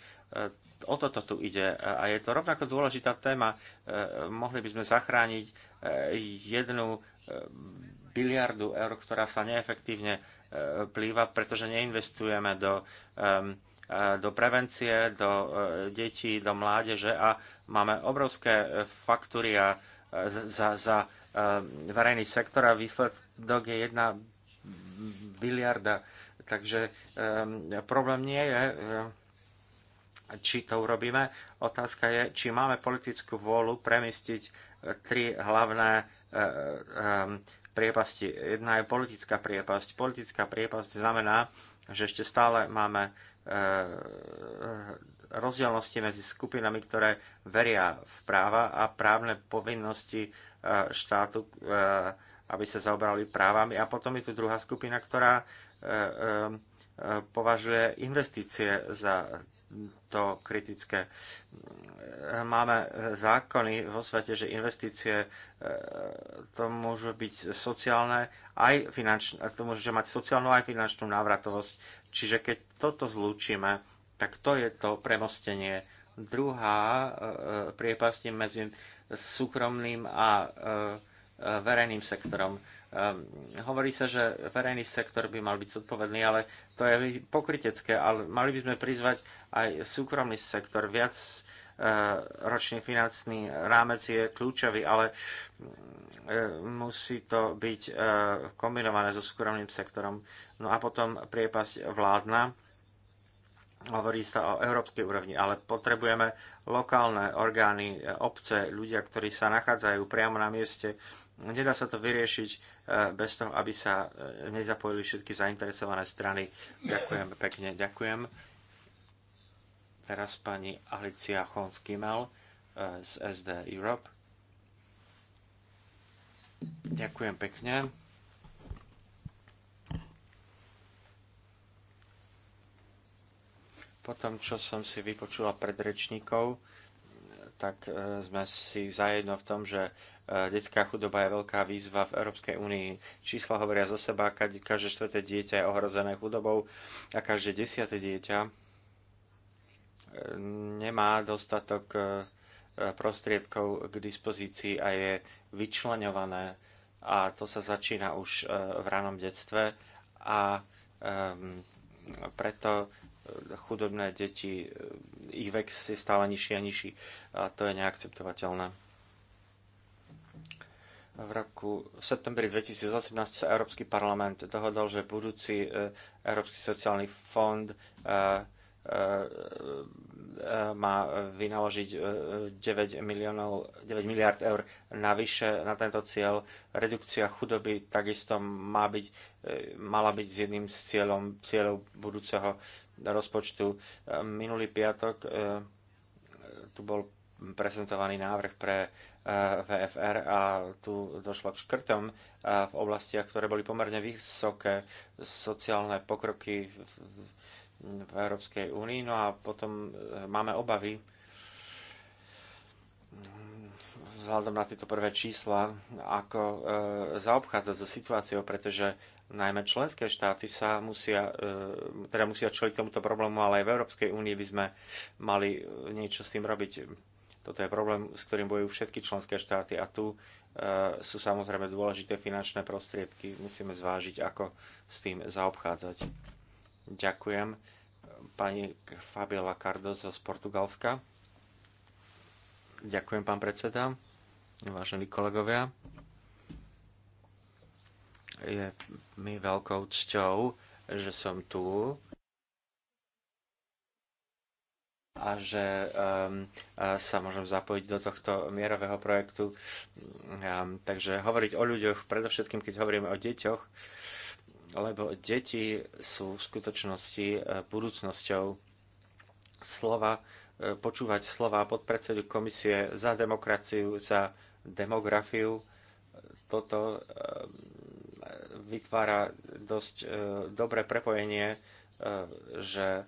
O toto tu ide a je to rovnako dôležitá téma. Mohli by sme zachrániť jednu eh, biliardu eur, ktorá sa neefektívne eh, plýva, pretože neinvestujeme do, eh, do prevencie, do detí, do mládeže a máme obrovské faktúry a za, za verejný sektor a výsledok je jedna biliarda. Takže problém nie je či to urobíme. Otázka je, či máme politickú vôľu premistiť tri hlavné eh, eh, priepasti. Jedna je politická priepasť. Politická priepasť znamená, že ešte stále máme eh, rozdielnosti medzi skupinami, ktoré veria v práva a právne povinnosti štátu, aby sa zaobrali právami. A potom je tu druhá skupina, ktorá považuje investície za to kritické. Máme zákony vo svete, že investície e, to môžu byť sociálne aj finančné, to môže mať sociálnu aj finančnú návratovosť. Čiže keď toto zlúčime, tak to je to premostenie. Druhá e, e, priepasť medzi súkromným a verejným sektorom. Ehm, hovorí sa, že verejný sektor by mal byť zodpovedný, ale to je pokrytecké, ale mali by sme prizvať aj súkromný sektor. Viac e, ročný finančný rámec je kľúčový, ale e, musí to byť e, kombinované so súkromným sektorom. No a potom priepasť vládna. Hovorí sa o európskej úrovni, ale potrebujeme lokálne orgány, obce, ľudia, ktorí sa nachádzajú priamo na mieste, Nedá sa to vyriešiť e, bez toho, aby sa e, nezapojili všetky zainteresované strany. Ďakujem pekne, ďakujem. Teraz pani Alicia Chonskimal e, z SD Europe. Ďakujem pekne. Po tom, čo som si vypočula predrečníkov, tak sme si zajedno v tom, že Detská chudoba je veľká výzva v Európskej únii. Čísla hovoria za seba, každé štvrté dieťa je ohrozené chudobou a každé desiate dieťa e, nemá dostatok e, prostriedkov k dispozícii a je vyčlenované a to sa začína už e, v ranom detstve a preto chudobné deti, ich vek je stále nižší a nižší a to je neakceptovateľné. V roku v septembri 2018 sa Európsky parlament dohodol, že budúci e, Európsky sociálny fond e, e, má vynaložiť 9, miliónov, 9 miliard eur navyše na tento cieľ. Redukcia chudoby takisto má byť, mala byť jedným z cieľom, cieľov budúceho rozpočtu. Minulý piatok tu bol prezentovaný návrh pre eh, VFR a tu došlo k škrtom eh, v oblastiach, ktoré boli pomerne vysoké sociálne pokroky v Európskej únii. No a potom eh, máme obavy mm, vzhľadom na tieto prvé čísla, ako zaobchádzať so situáciou, pretože najmä členské štáty sa musia, teda musia čeliť tomuto problému, ale aj v Európskej únii by sme mali niečo s tým robiť. Toto je problém, s ktorým bojujú všetky členské štáty a tu e, sú samozrejme dôležité finančné prostriedky. Musíme zvážiť, ako s tým zaobchádzať. Ďakujem. Pani Fabiola Cardozo z Portugalska. Ďakujem, pán predseda. Vážení kolegovia, je mi veľkou cťou, že som tu a že um, sa môžem zapojiť do tohto mierového projektu. Um, takže hovoriť o ľuďoch, predovšetkým keď hovoríme o deťoch, lebo deti sú v skutočnosti e, budúcnosťou slova, e, počúvať slova podpredsedu komisie za demokraciu, za demografiu. Toto ehm, vytvára dosť dobré prepojenie, že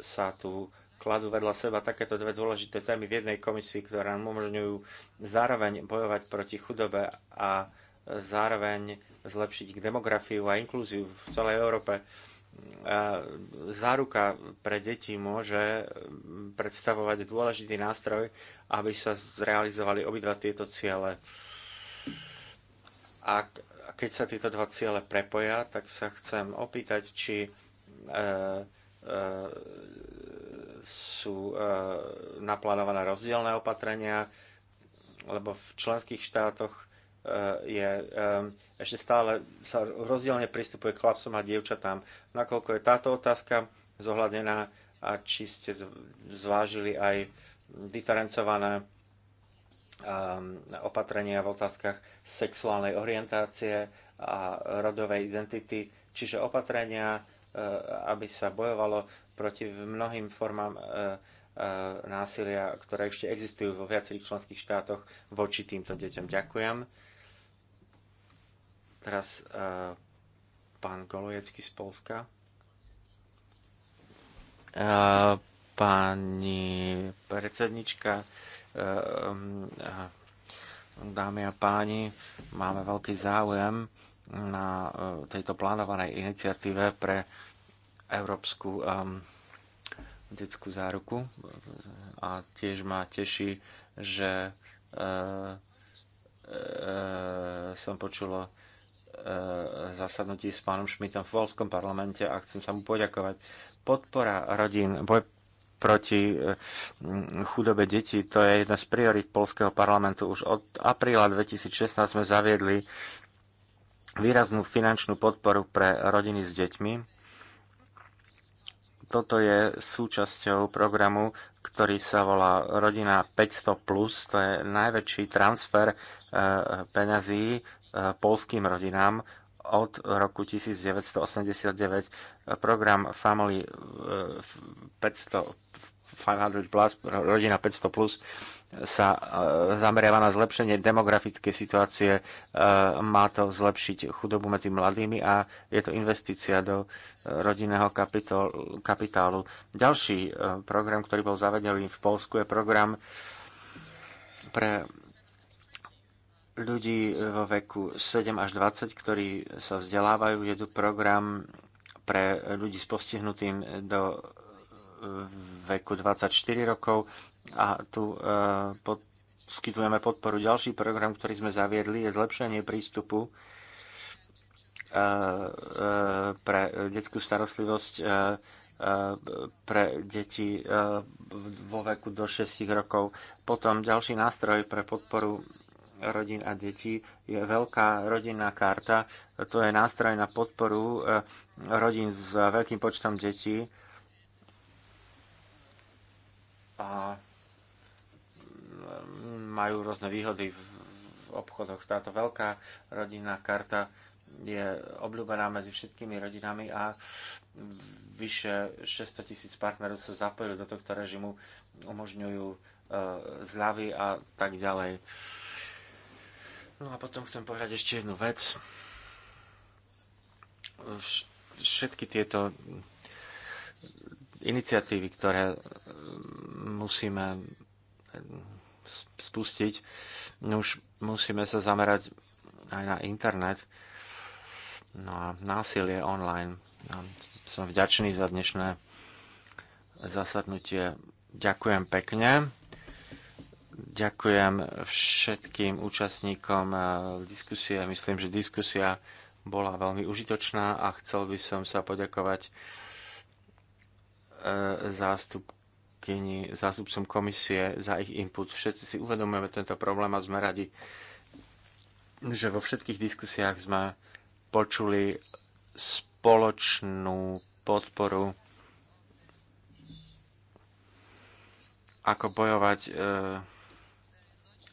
sa tu kladú vedľa seba takéto dve dôležité témy v jednej komisii, ktoré nám umožňujú zároveň bojovať proti chudobe a zároveň zlepšiť demografiu a inklúziu v celej Európe. A záruka pre deti môže predstavovať dôležitý nástroj, aby sa zrealizovali obidva tieto ciele. A keď sa tieto dva ciele prepoja, tak sa chcem opýtať, či e, E, sú e, naplánované rozdielne opatrenia, lebo v členských štátoch e, je ešte stále sa rozdielne pristupuje k chlapcom a dievčatám. Nakoľko je táto otázka zohľadená a či ste zvážili aj diferencované ehm, opatrenia v otázkach sexuálnej orientácie a rodovej identity, čiže opatrenia Eh, aby sa bojovalo proti mnohým formám eh, eh, násilia, ktoré ešte existujú vo viacerých členských štátoch voči týmto deťom. Ďakujem. Teraz pán Golujecký z Polska. Pani predsednička, dámy a páni, máme veľký záujem na eh, tejto plánovanej iniciatíve pre Európsku um, detskú záruku a tiež ma teší, že uh, uh, som počulo uh, zasadnutí s pánom Šmitom v Polskom parlamente a chcem sa mu poďakovať. Podpora rodín, boj proti chudobe detí, to je jedna z priorit Polského parlamentu. Už od apríla 2016 sme zaviedli výraznú finančnú podporu pre rodiny s deťmi. Toto je súčasťou programu, ktorý sa volá Rodina 500+. To je najväčší transfer eh, peňazí eh, polským rodinám od roku 1989. Program Family 500, eh, 500 Plus, Rodina 500 Plus sa e, zameriava na zlepšenie demografickej situácie, e, má to zlepšiť chudobu medzi mladými a je to investícia do e, rodinného kapitálu. Ďalší program, ktorý bol zavedený v Polsku, je program pre ľudí vo veku 7 až 20, ktorí sa vzdelávajú. Je tu program pre ľudí s postihnutým do veku 24 rokov a tu e, poskytujeme podporu. Ďalší program, ktorý sme zaviedli, je zlepšenie prístupu e, e, pre detskú starostlivosť pre deti vo veku do 6 rokov. Potom ďalší nástroj pre podporu rodín a detí je veľká rodinná karta. To je nástroj na podporu rodín s veľkým počtom detí a majú rôzne výhody v obchodoch. Táto veľká rodinná karta je obľúbená medzi všetkými rodinami a vyše 600 tisíc partnerov sa zapojili do tohto režimu, umožňujú e, zľavy a tak ďalej. No a potom chcem povedať ešte jednu vec. Všetky tieto iniciatívy, ktoré eh, musíme eh, spustiť. Už musíme sa zamerať aj na internet, no a násilie online. No, som vďačný za dnešné zasadnutie. Ďakujem pekne. Ďakujem všetkým účastníkom eh, diskusie. Myslím, že diskusia bola veľmi užitočná a chcel by som sa poďakovať E, zástupkyni, zástupcom komisie za ich input. Všetci si uvedomujeme tento problém a sme radi, že vo všetkých diskusiách sme počuli spoločnú podporu, ako bojovať e,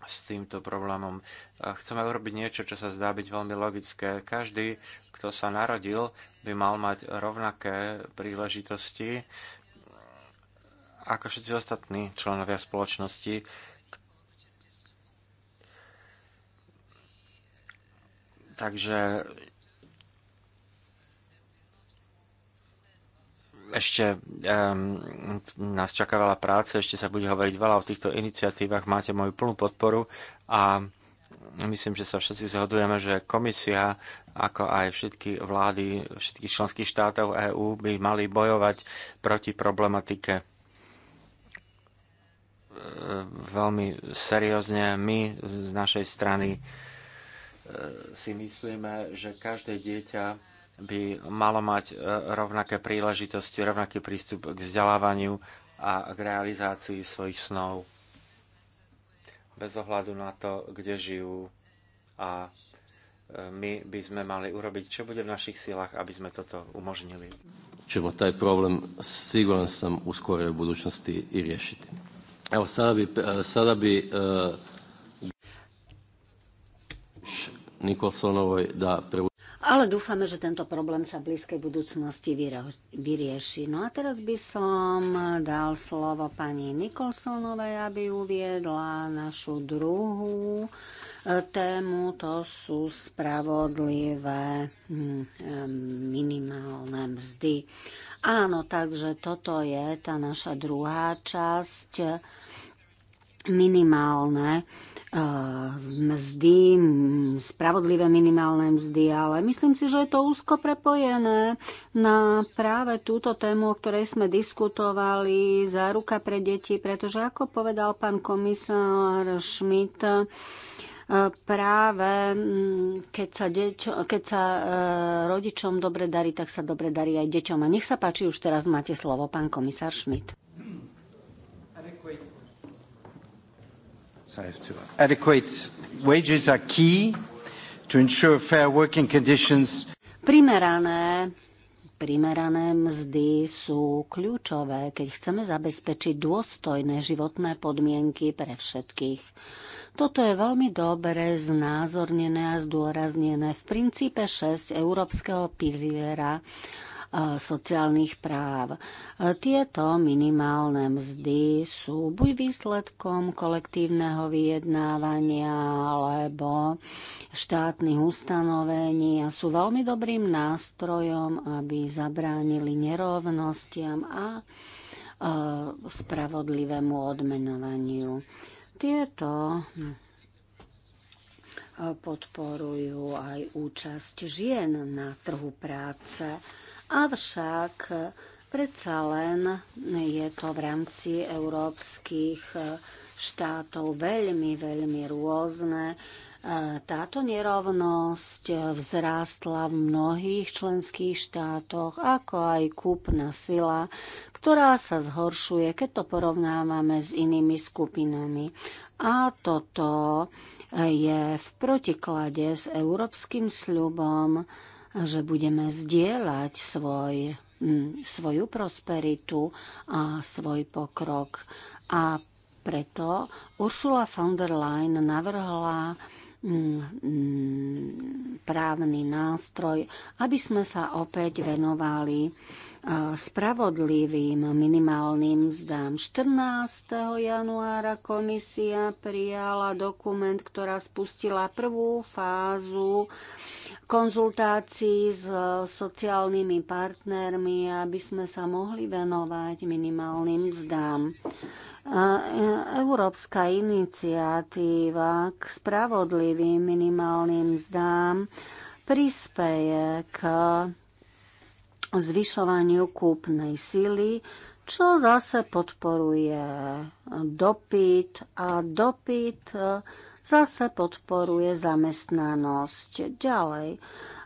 s týmto problémom chceme urobiť niečo, čo sa zdá byť veľmi logické. Každý, kto sa narodil, by mal mať rovnaké príležitosti ako všetci ostatní členovia spoločnosti. Takže ešte um, nás čaká veľa práce, ešte sa bude hovoriť veľa o týchto iniciatívach, máte moju plnú podporu a myslím, že sa všetci zhodujeme, že komisia, ako aj všetky vlády všetkých členských štátov EÚ by mali bojovať proti problematike veľmi seriózne. My z našej strany e, si myslíme, že každé dieťa by malo mať e, rovnaké príležitosti, rovnaký prístup k vzdelávaniu a k realizácii svojich snov bez ohľadu na to, kde žijú a e, my by sme mali urobiť, čo bude v našich silách, aby sme toto umožnili. Čemo taj problém sigurno sam u skoroj budúčnosti i riješiti. Evo sada bi, e, sada bi uh, Nikolsonovoj da preu ale dúfame, že tento problém sa v blízkej budúcnosti vyrieši. No a teraz by som dal slovo pani Nikolsonovej, aby uviedla našu druhú e, tému. To sú spravodlivé hm, e, minimálne mzdy. Áno, takže toto je tá naša druhá časť minimálne Eh, mzdy, spravodlivé minimálne mzdy, ale myslím si, že je to úzko prepojené na práve túto tému, o ktorej sme diskutovali, záruka pre deti, pretože ako povedal pán komisár Schmidt, eh, práve keď sa, keď sa eh, rodičom dobre darí, tak sa dobre darí aj deťom. A nech sa páči, už teraz máte slovo, pán komisár Schmidt. Uh, primerané, primerané mzdy sú kľúčové, keď chceme zabezpečiť dôstojné životné podmienky pre všetkých. Toto je veľmi dobre znázornené a zdôraznené v princípe 6 európskeho piliera sociálnych práv. Tieto minimálne mzdy sú buď výsledkom kolektívneho vyjednávania alebo štátnych ustanovení a sú veľmi dobrým nástrojom, aby zabránili nerovnostiam a spravodlivému odmenovaniu. Tieto hm, podporujú aj účasť žien na trhu práce Avšak e, predsa len je to v rámci európskych e, štátov veľmi, veľmi rôzne. E, táto nerovnosť vzrástla v mnohých členských štátoch, ako aj kúpna sila, ktorá sa zhoršuje, keď to porovnávame s inými skupinami. A toto je v protiklade s európskym sľubom, že budeme zdieľať svoj, svoju prosperitu a svoj pokrok. A preto Ursula von der Leyen navrhla Mm, právny nástroj, aby sme sa opäť venovali e, spravodlivým minimálnym vzdám. 14. januára komisia prijala dokument, ktorá spustila prvú fázu konzultácií s sociálnymi partnermi, aby sme sa mohli venovať minimálnym vzdám. E, európska iniciatíva k spravodlivým minimálnym zdám prispeje k zvyšovaniu kúpnej sily, čo zase podporuje dopyt a dopyt e, zase podporuje zamestnanosť. Ďalej,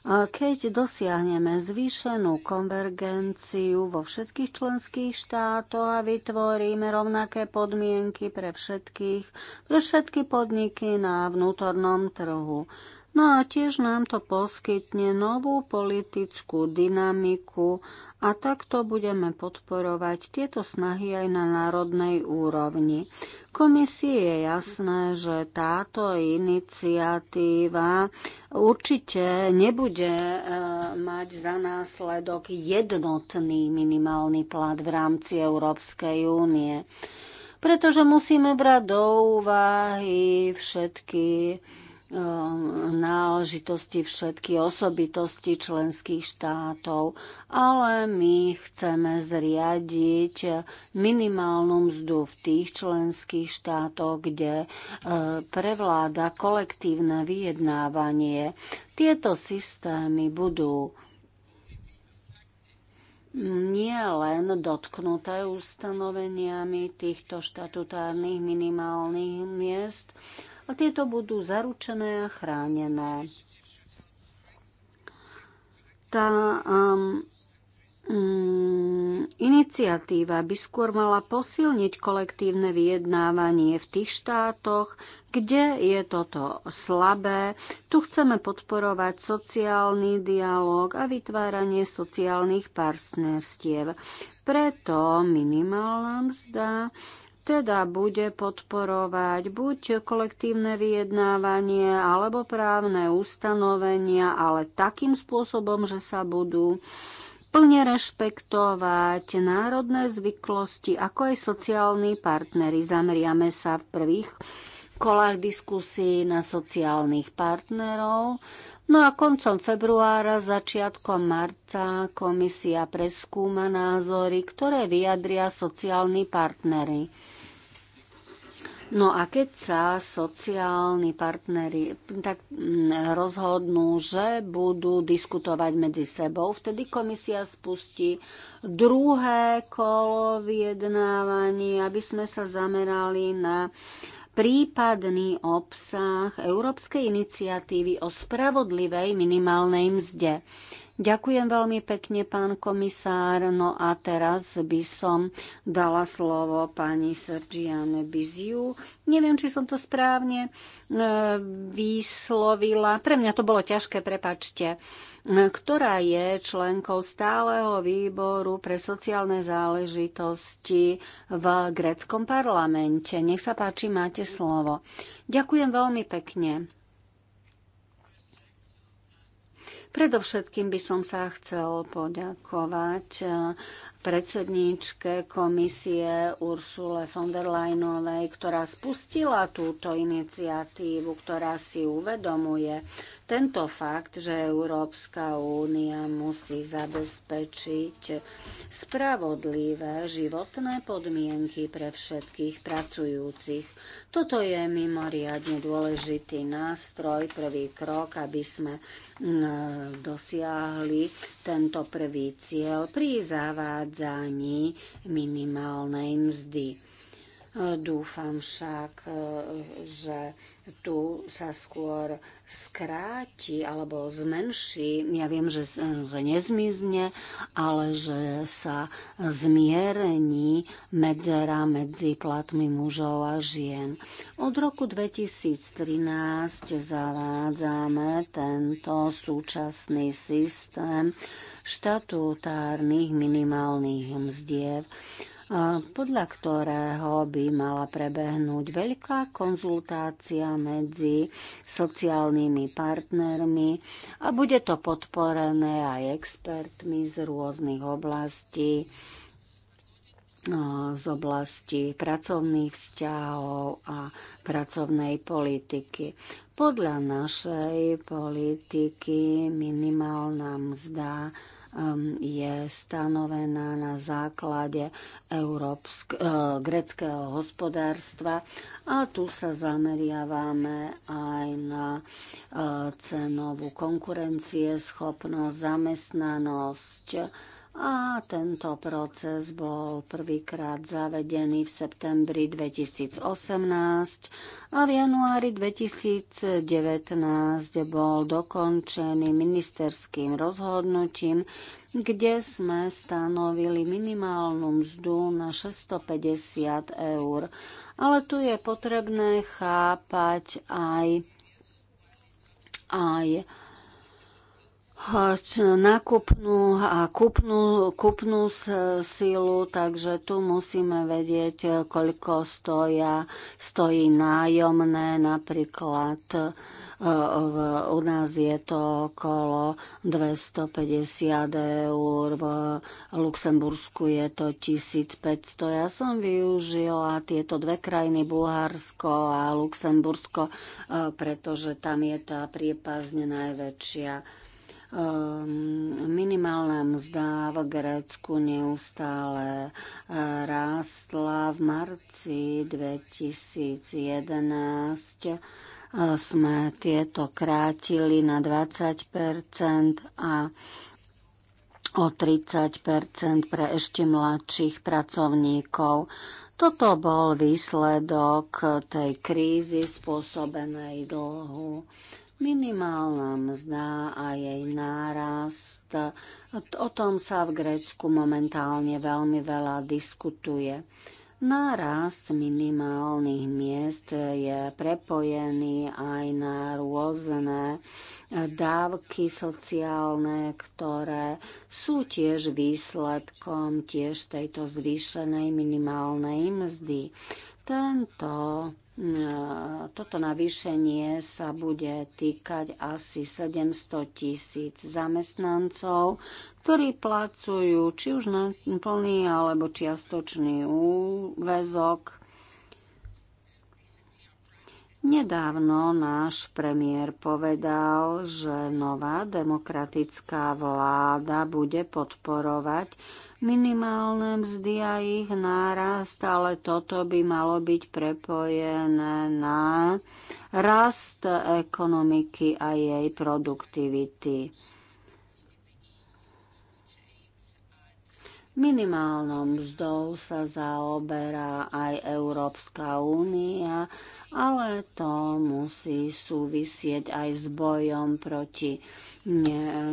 keď dosiahneme zvýšenú konvergenciu vo všetkých členských štátoch a vytvoríme rovnaké podmienky pre všetkých, pre všetky podniky na vnútornom trhu. No a tiež nám to poskytne novú politickú dynamiku a takto budeme podporovať tieto snahy aj na národnej úrovni. Komisie je jasné, že táto iniciatíva určite nebude e, mať za následok jednotný minimálny plat v rámci Európskej únie, pretože musíme brať do úvahy všetky Um, náležitosti všetky osobitosti členských štátov, ale my chceme zriadiť minimálnu mzdu v tých členských štátoch, kde uh, prevláda kolektívne vyjednávanie. Tieto systémy budú nie len dotknuté ustanoveniami týchto štatutárnych minimálnych miest, a tieto budú zaručené a chránené. Tá um, um, iniciatíva by skôr mala posilniť kolektívne vyjednávanie v tých štátoch, kde je toto slabé. Tu chceme podporovať sociálny dialog a vytváranie sociálnych partnerstiev. Preto minimálna mzda teda bude podporovať buď kolektívne vyjednávanie alebo právne ustanovenia, ale takým spôsobom, že sa budú plne rešpektovať národné zvyklosti, ako aj sociálni partnery. Zameriame sa v prvých kolách diskusí na sociálnych partnerov, No a koncom februára, začiatkom marca komisia preskúma názory, ktoré vyjadria sociálni partnery. No a keď sa sociálni partnery tak mm, rozhodnú, že budú diskutovať medzi sebou, vtedy komisia spustí druhé kolo vyjednávaní, aby sme sa zamerali na uh, prípadný obsah Európskej iniciatívy o spravodlivej minimálnej mzde. Ďakujem veľmi pekne, pán komisár. No a teraz by som dala slovo pani Sergiane Biziu. Neviem, či som to správne e, vyslovila. Pre mňa to bolo ťažké, prepačte e, ktorá je členkou stáleho výboru pre sociálne záležitosti v greckom parlamente. Nech sa páči, máte slovo. Ďakujem veľmi pekne. Predovšetkým by som sa chcel poďakovať eh, predsedníčke komisie Ursule von der Leyenovej, ktorá spustila túto iniciatívu, ktorá si uvedomuje tento fakt, že Európska únia musí zabezpečiť spravodlivé životné podmienky pre všetkých pracujúcich. Toto je mimoriadne dôležitý nástroj, prvý krok, aby sme dosiahli tento prvý cieľ pri zavádzaní minimálnej mzdy. Dúfam však, e, že tu sa skôr skráti alebo zmenší. Ja viem, že, že nezmizne, ale že sa zmierení medzera medzi platmi mužov a žien. Od roku 2013 zavádzame tento súčasný systém štatutárnych minimálnych mzdiev podľa ktorého by mala prebehnúť veľká konzultácia medzi sociálnymi partnermi a bude to podporené aj expertmi z rôznych oblastí z oblasti pracovných vzťahov a pracovnej politiky. Podľa našej politiky minimálna mzda je stanovená na základe európsk, e, greckého hospodárstva a tu sa zameriavame aj na e, cenovú konkurencie, schopnosť, zamestnanosť, a tento proces bol prvýkrát zavedený v septembri 2018 a v januári 2019 bol dokončený ministerským rozhodnutím, kde sme stanovili minimálnu mzdu na 650 eur. Ale tu je potrebné chápať aj aj nákupnú a kupnú, kupnú silu, takže tu musíme vedieť, koľko stoja, stojí nájomné napríklad. E, u nás je to okolo 250 eur, v Luxembursku je to 1500. Ja som využila tieto dve krajiny, Bulharsko a Luxembursko, e, pretože tam je tá priepazne najväčšia Ehm, Minimálna mzda v Grécku neustále e, rástla. V marci 2011 e, sme tieto krátili na 20 a o 30 pre ešte mladších pracovníkov. Toto bol výsledok tej krízy spôsobenej dlhu Minimálna mzda a jej nárast, o tom sa v Grécku momentálne veľmi veľa diskutuje. Nárast minimálnych miest je prepojený aj na rôzne dávky sociálne, ktoré sú tiež výsledkom tiež tejto zvýšenej minimálnej mzdy. Tento, e, toto navýšenie sa bude týkať asi 700 tisíc zamestnancov, ktorí placujú či už na plný alebo čiastočný úvezok Nedávno náš premiér povedal, že nová demokratická vláda bude podporovať minimálne mzdy a ich nárast, ale toto by malo byť prepojené na rast ekonomiky a jej produktivity. Minimálnou mzdou sa zaoberá aj Európska únia, ale to musí súvisieť aj s bojom proti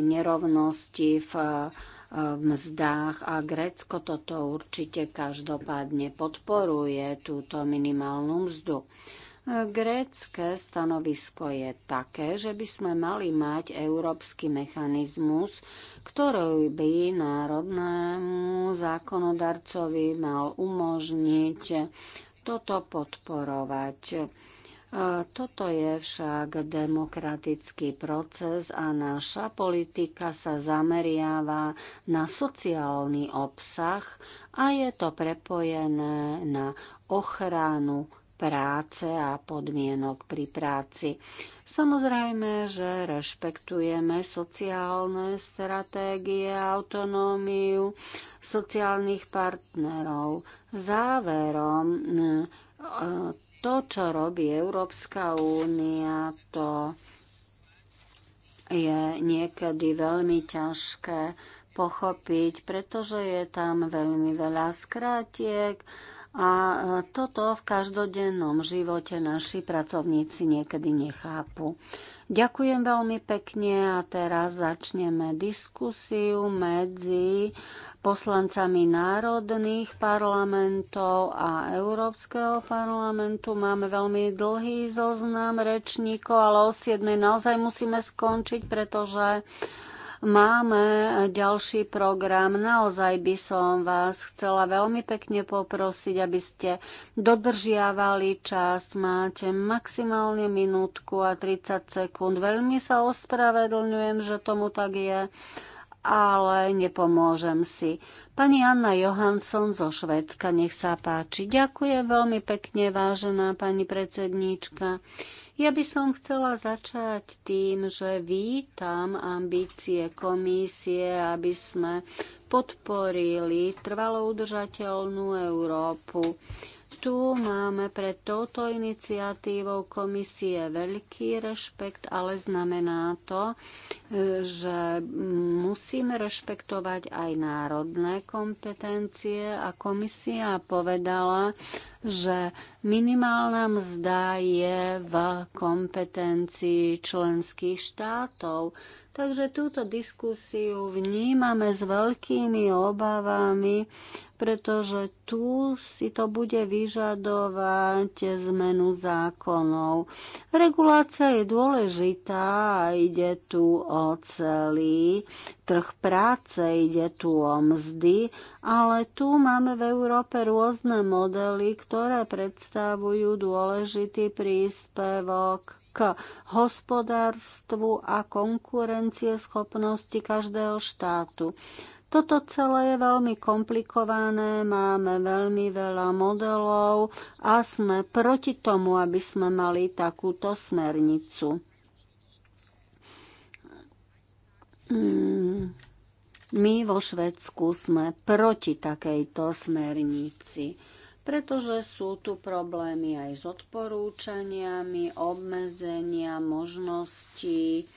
nerovnosti e, v mzdách a Grécko toto určite každopádne podporuje túto minimálnu mzdu. Grécké stanovisko je také, že by sme mali mať európsky mechanizmus, ktorý by národnému zákonodarcovi mal umožniť toto podporovať. E, toto je však demokratický proces a naša politika sa zameriava na sociálny obsah a je to prepojené na ochranu práce a podmienok pri práci. Samozrejme, že rešpektujeme sociálne stratégie, autonómiu sociálnych partnerov. Záverom, eh, to, čo robí Európska únia, to je niekedy veľmi ťažké pochopiť, pretože je tam veľmi veľa skrátiek, a e, toto v každodennom živote naši pracovníci niekedy nechápu. Ďakujem veľmi pekne a teraz začneme diskusiu medzi poslancami národných parlamentov a Európskeho parlamentu. Máme veľmi dlhý zoznam rečníkov, ale o 7 naozaj musíme skončiť, pretože máme ďalší program. Naozaj by som vás chcela veľmi pekne poprosiť, aby ste dodržiavali čas. Máte maximálne minútku a 30 sekúnd. Veľmi sa ospravedlňujem, že tomu tak je ale nepomôžem si. Pani Anna Johansson zo Švedska, nech sa páči. Ďakujem veľmi pekne, vážená pani predsedníčka. Ja by som chcela začať tým, že vítam ambície komisie, aby sme podporili trvalo udržateľnú Európu tu máme pred touto iniciatívou komisie veľký rešpekt, ale znamená to, že musíme rešpektovať aj národné kompetencie a komisia povedala, že minimálna mzda je v kompetencii členských štátov. Takže túto diskusiu vnímame s veľkými obavami, pretože tu si to bude vyžadovať zmenu zákonov. Regulácia je dôležitá a ide tu o celý trh práce, ide tu o mzdy, ale tu máme v Európe rôzne modely, ktoré predstavujú dôležitý príspevok k hospodárstvu a konkurencieschopnosti každého štátu. Toto celé je veľmi komplikované, máme veľmi veľa modelov a sme proti tomu, aby sme mali takúto smernicu. Mm. My vo Švedsku sme proti takejto smernici pretože sú tu problémy aj s odporúčaniami, obmedzenia, možnosti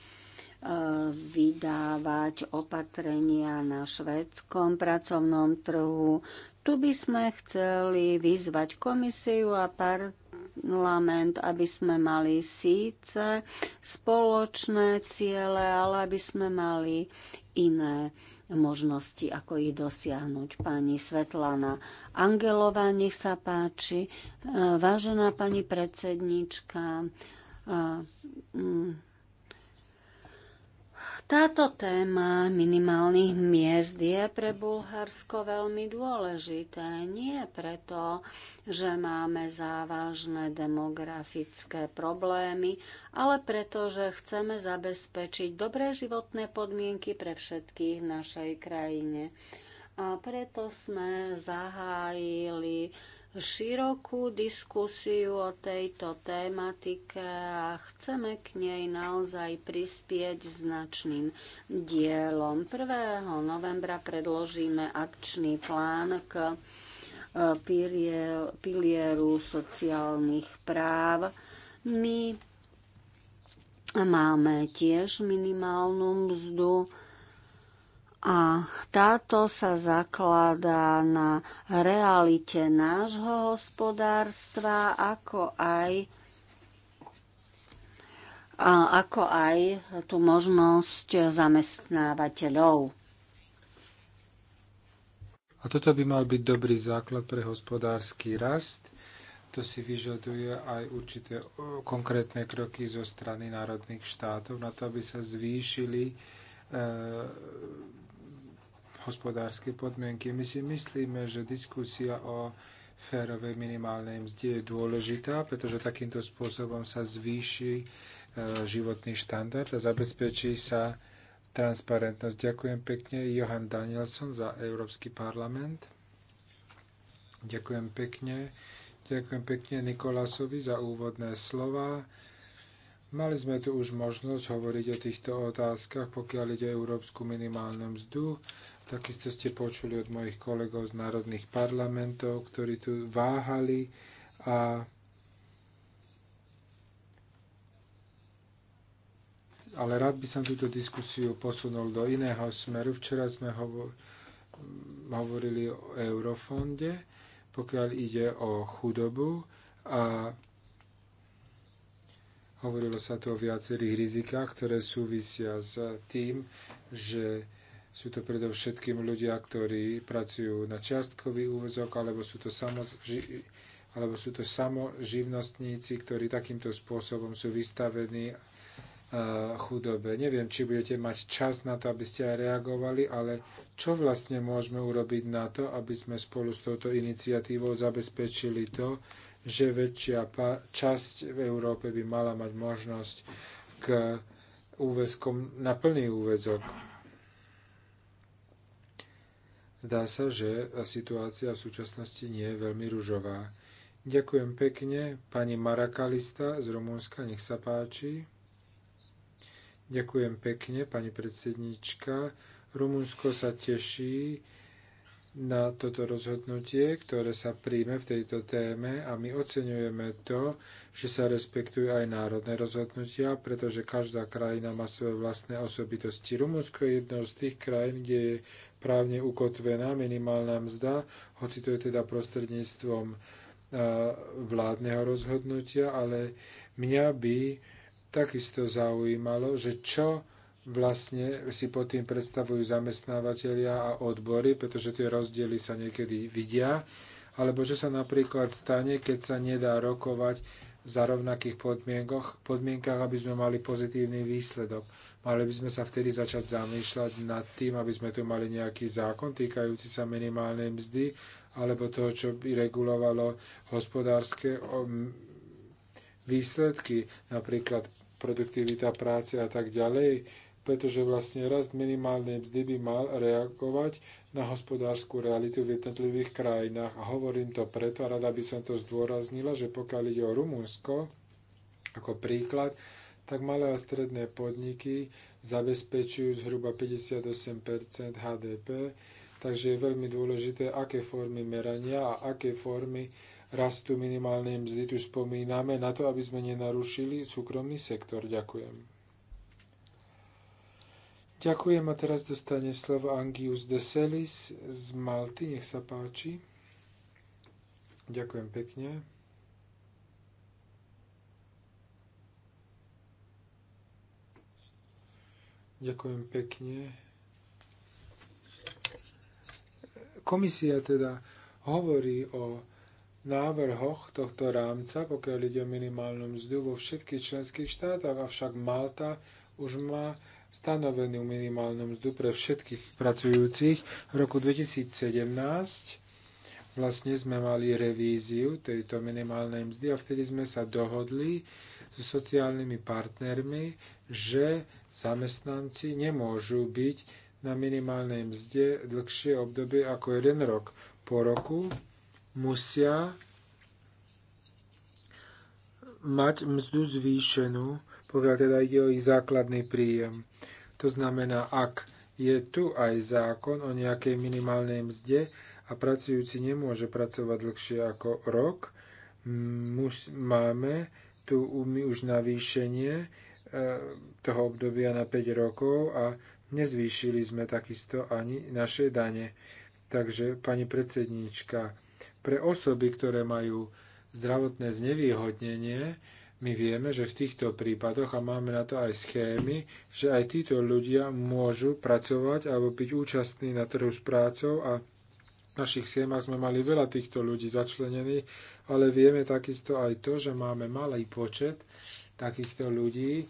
vydávať opatrenia na švedskom pracovnom trhu. Tu by sme chceli vyzvať komisiu a parlament, aby sme mali síce spoločné ciele, ale aby sme mali iné možnosti, ako ich dosiahnuť. Pani Svetlana Angelová, nech sa páči. Vážená pani predsednička, mm, táto téma minimálnych miest je pre Bulharsko veľmi dôležité. Nie preto, že máme závažné demografické problémy, ale preto, že chceme zabezpečiť dobré životné podmienky pre všetkých v našej krajine. A preto sme zahájili širokú diskusiu o tejto tématike a chceme k nej naozaj prispieť značným dielom. 1. novembra predložíme akčný plán k e, pilieru sociálnych práv. My máme tiež minimálnu mzdu, a táto sa zakladá na realite nášho hospodárstva, ako aj a ako aj tú možnosť zamestnávateľov. A toto by mal byť dobrý základ pre hospodársky rast. To si vyžaduje aj určité konkrétne kroky zo strany národných štátov na to, aby sa zvýšili e, hospodárske podmienky. My si myslíme, že diskusia o férovej minimálnej mzde je dôležitá, pretože takýmto spôsobom sa zvýši e, životný štandard a zabezpečí sa transparentnosť. Ďakujem pekne Johan Danielson za Európsky parlament. Ďakujem pekne. Ďakujem pekne Nikolasovi za úvodné slova. Mali sme tu už možnosť hovoriť o týchto otázkach, pokiaľ ide o európsku minimálnu mzdu. Takisto ste počuli od mojich kolegov z národných parlamentov, ktorí tu váhali a ale rád by som túto diskusiu posunul do iného smeru. Včera sme hovorili o eurofonde, pokiaľ ide o chudobu a Hovorilo sa tu o viacerých rizikách, ktoré súvisia s tým, že sú to predovšetkým ľudia, ktorí pracujú na čiastkový úvezok, alebo sú to, samozži- alebo sú to samoživnostníci, ktorí takýmto spôsobom sú vystavení e, chudobe. Neviem, či budete mať čas na to, aby ste aj reagovali, ale čo vlastne môžeme urobiť na to, aby sme spolu s touto iniciatívou zabezpečili to, že väčšia časť v Európe by mala mať možnosť k úväzkom na plný úväzok. Zdá sa, že situácia v súčasnosti nie je veľmi ružová. Ďakujem pekne pani Marakalista z Rumúnska, nech sa páči. Ďakujem pekne, pani predsednička. Rumunsko sa teší, na toto rozhodnutie, ktoré sa príjme v tejto téme a my oceňujeme to, že sa respektujú aj národné rozhodnutia, pretože každá krajina má svoje vlastné osobitosti. Rumunsko je jednou z tých krajín, kde je právne ukotvená minimálna mzda, hoci to je teda prostredníctvom vládneho rozhodnutia, ale mňa by takisto zaujímalo, že čo vlastne si pod tým predstavujú zamestnávateľia a odbory, pretože tie rozdiely sa niekedy vidia, alebo že sa napríklad stane, keď sa nedá rokovať za rovnakých podmienkach, podmienkach, aby sme mali pozitívny výsledok. Mali by sme sa vtedy začať zamýšľať nad tým, aby sme tu mali nejaký zákon týkajúci sa minimálnej mzdy, alebo toho, čo by regulovalo hospodárske um, výsledky, napríklad produktivita práce a tak ďalej pretože vlastne rast minimálnej mzdy by mal reagovať na hospodárskú realitu v jednotlivých krajinách. A hovorím to preto, a rada by som to zdôraznila, že pokiaľ ide o Rumunsko, ako príklad, tak malé a stredné podniky zabezpečujú zhruba 58 HDP, takže je veľmi dôležité, aké formy merania a aké formy rastu minimálnej mzdy tu spomíname, na to, aby sme nenarušili súkromný sektor. Ďakujem. Ďakujem a teraz dostane slovo Angius Deselis z Malty. Nech sa páči. Ďakujem pekne. Ďakujem pekne. Komisia teda hovorí o návrhoch tohto rámca, pokiaľ ide o minimálnu mzdu vo všetkých členských štátoch, avšak Malta už má stanovenú minimálnu mzdu pre všetkých pracujúcich. V roku 2017 vlastne sme mali revíziu tejto minimálnej mzdy a vtedy sme sa dohodli so sociálnymi partnermi, že zamestnanci nemôžu byť na minimálnej mzde dlhšie obdobie ako jeden rok. Po roku musia mať mzdu zvýšenú pokiaľ teda ide o ich základný príjem. To znamená, ak je tu aj zákon o nejakej minimálnej mzde a pracujúci nemôže pracovať dlhšie ako rok, mus, máme tu my už navýšenie e, toho obdobia na 5 rokov a nezvýšili sme takisto ani naše dane. Takže, pani predsedníčka, pre osoby, ktoré majú zdravotné znevýhodnenie, my vieme, že v týchto prípadoch, a máme na to aj schémy, že aj títo ľudia môžu pracovať alebo byť účastní na trhu s prácou a v našich schémach sme mali veľa týchto ľudí začlenených, ale vieme takisto aj to, že máme malý počet takýchto ľudí,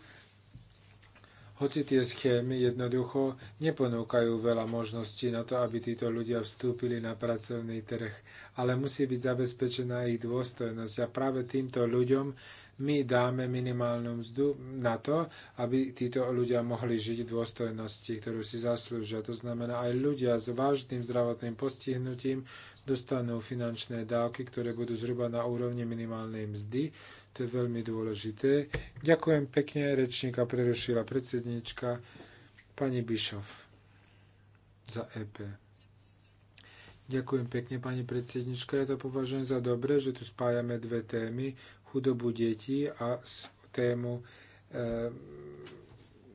hoci tie schémy jednoducho neponúkajú veľa možností na to, aby títo ľudia vstúpili na pracovný trh, ale musí byť zabezpečená ich dôstojnosť. A práve týmto ľuďom my dáme minimálnu mzdu na to, aby títo ľudia mohli žiť v dôstojnosti, ktorú si zaslúžia. To znamená, aj ľudia s vážnym zdravotným postihnutím dostanú finančné dávky, ktoré budú zhruba na úrovni minimálnej mzdy. To je veľmi dôležité. Ďakujem pekne, rečníka prerušila predsednička pani Bišov za EP. Ďakujem pekne, pani predsednička. Ja to považujem za dobré, že tu spájame dve témy chudobu detí a tému eh,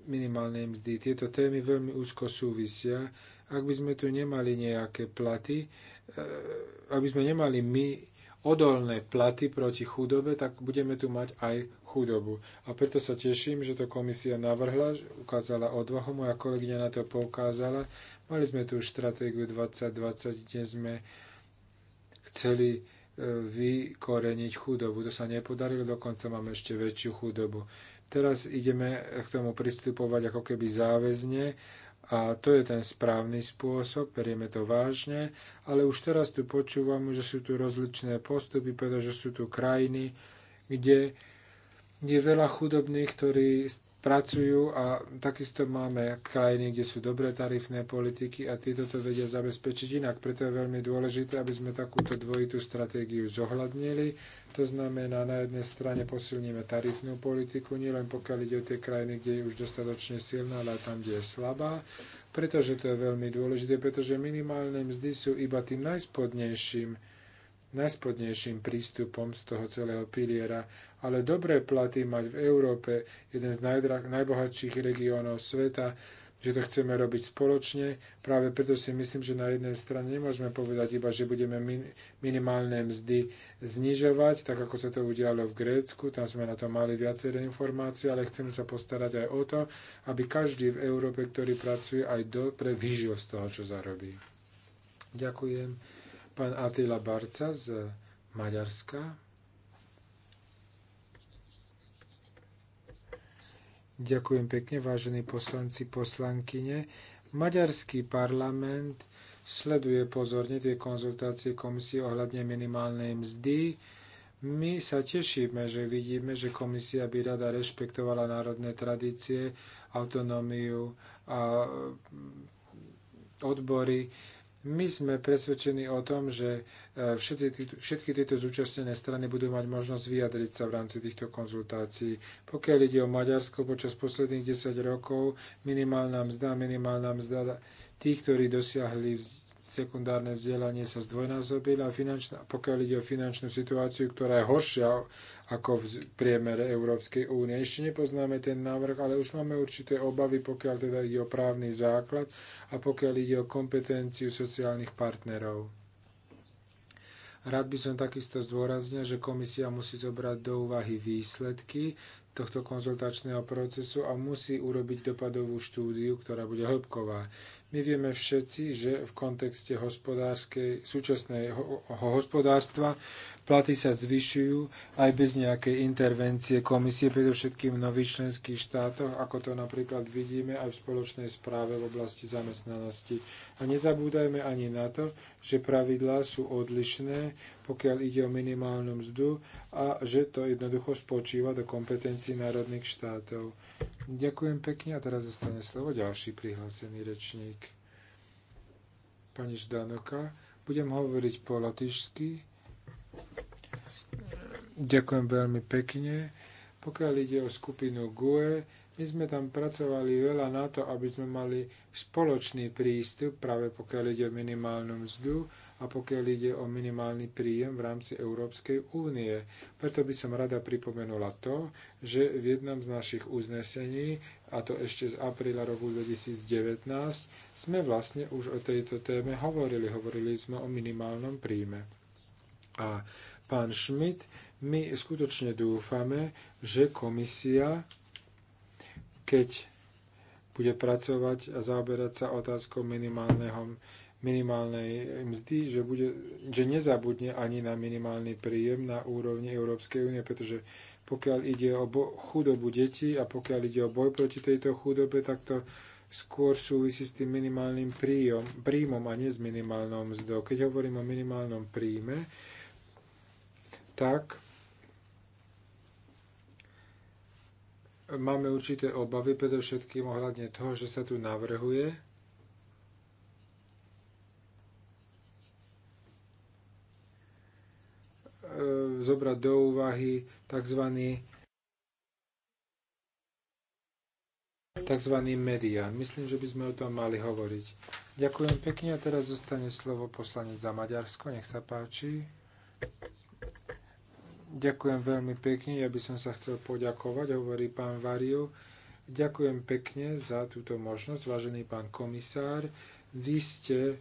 minimálnej mzdy. Tieto témy veľmi úzko súvisia. Ak by sme tu nemali nejaké platy, eh, ak by sme nemali my odolné platy proti chudobe, tak budeme tu mať aj chudobu. A preto sa teším, že to komisia navrhla, ukázala odvahu, moja kolegyňa na to poukázala. Mali sme tu stratégiu 2020, kde sme chceli vykoreniť chudobu. To sa nepodarilo, dokonca máme ešte väčšiu chudobu. Teraz ideme k tomu pristupovať ako keby záväzne a to je ten správny spôsob, berieme to vážne, ale už teraz tu počúvam, že sú tu rozličné postupy, pretože sú tu krajiny, kde je veľa chudobných, ktorí pracujú a takisto máme krajiny, kde sú dobré tarifné politiky a títo to vedia zabezpečiť inak. Preto je veľmi dôležité, aby sme takúto dvojitú stratégiu zohľadnili. To znamená, na jednej strane posilníme tarifnú politiku, nielen pokiaľ ide o tie krajiny, kde je už dostatočne silná, ale aj tam, kde je slabá. Pretože to je veľmi dôležité, pretože minimálne mzdy sú iba tým najspodnejším najspodnejším prístupom z toho celého piliera, ale dobré platy mať v Európe, jeden z najdrah, najbohatších regiónov sveta, že to chceme robiť spoločne. Práve preto si myslím, že na jednej strane nemôžeme povedať iba, že budeme min, minimálne mzdy znižovať, tak ako sa to udialo v Grécku, tam sme na to mali viaceré informácie, ale chceme sa postarať aj o to, aby každý v Európe, ktorý pracuje, aj dobre vyžil z toho, čo zarobí. Ďakujem pán Atila Barca z Maďarska. Ďakujem pekne, vážení poslanci, poslankyne. Maďarský parlament sleduje pozorne tie konzultácie komisie ohľadne minimálnej mzdy. My sa tešíme, že vidíme, že komisia by rada rešpektovala národné tradície, autonómiu a odbory my sme presvedčení o tom, že e, všetky, všetky tieto zúčastnené strany budú mať možnosť vyjadriť sa v rámci týchto konzultácií. Pokiaľ ide o Maďarsko, počas posledných 10 rokov minimálna mzda, minimálna mzda tých, ktorí dosiahli sekundárne vzdelanie, sa zdvojnásobila. Finančná, pokiaľ ide o finančnú situáciu, ktorá je horšia ako v priemere Európskej únie. Ešte nepoznáme ten návrh, ale už máme určité obavy, pokiaľ teda ide o právny základ a pokiaľ ide o kompetenciu sociálnych partnerov. Rád by som takisto zdôraznil, že komisia musí zobrať do úvahy výsledky tohto konzultačného procesu a musí urobiť dopadovú štúdiu, ktorá bude hĺbková. My vieme všetci, že v kontexte hospodárskej, súčasného hospodárstva platy sa zvyšujú aj bez nejakej intervencie komisie, predovšetkým v nových členských štátoch, ako to napríklad vidíme aj v spoločnej správe v oblasti zamestnanosti. A nezabúdajme ani na to, že pravidlá sú odlišné, pokiaľ ide o minimálnu mzdu a že to jednoducho spočíva do kompetencií národných štátov. Ďakujem pekne a teraz zostane slovo ďalší prihlásený rečník. Pani Ždanoka, budem hovoriť po latišsky. Ďakujem veľmi pekne. Pokiaľ ide o skupinu GUE, my sme tam pracovali veľa na to, aby sme mali spoločný prístup, práve pokiaľ ide o minimálnu mzdu a pokiaľ ide o minimálny príjem v rámci Európskej únie. Preto by som rada pripomenula to, že v jednom z našich uznesení, a to ešte z apríla roku 2019, sme vlastne už o tejto téme hovorili. Hovorili sme o minimálnom príjme. A pán Schmidt, my skutočne dúfame, že komisia, keď bude pracovať a zaoberať sa otázkou minimálneho minimálnej mzdy, že, bude, že nezabudne ani na minimálny príjem na úrovni Európskej únie, pretože pokiaľ ide o chudobu detí a pokiaľ ide o boj proti tejto chudobe, tak to skôr súvisí s tým minimálnym príjom, príjmom a nie s minimálnou mzdou. Keď hovorím o minimálnom príjme, tak máme určité obavy, predovšetkým ohľadne toho, že sa tu navrhuje, E, zobrať do úvahy tzv. tzv. medián. Myslím, že by sme o tom mali hovoriť. Ďakujem pekne a teraz zostane slovo poslanec za Maďarsko. Nech sa páči. Ďakujem veľmi pekne. Ja by som sa chcel poďakovať, hovorí pán Variu. Ďakujem pekne za túto možnosť, vážený pán komisár. Vy ste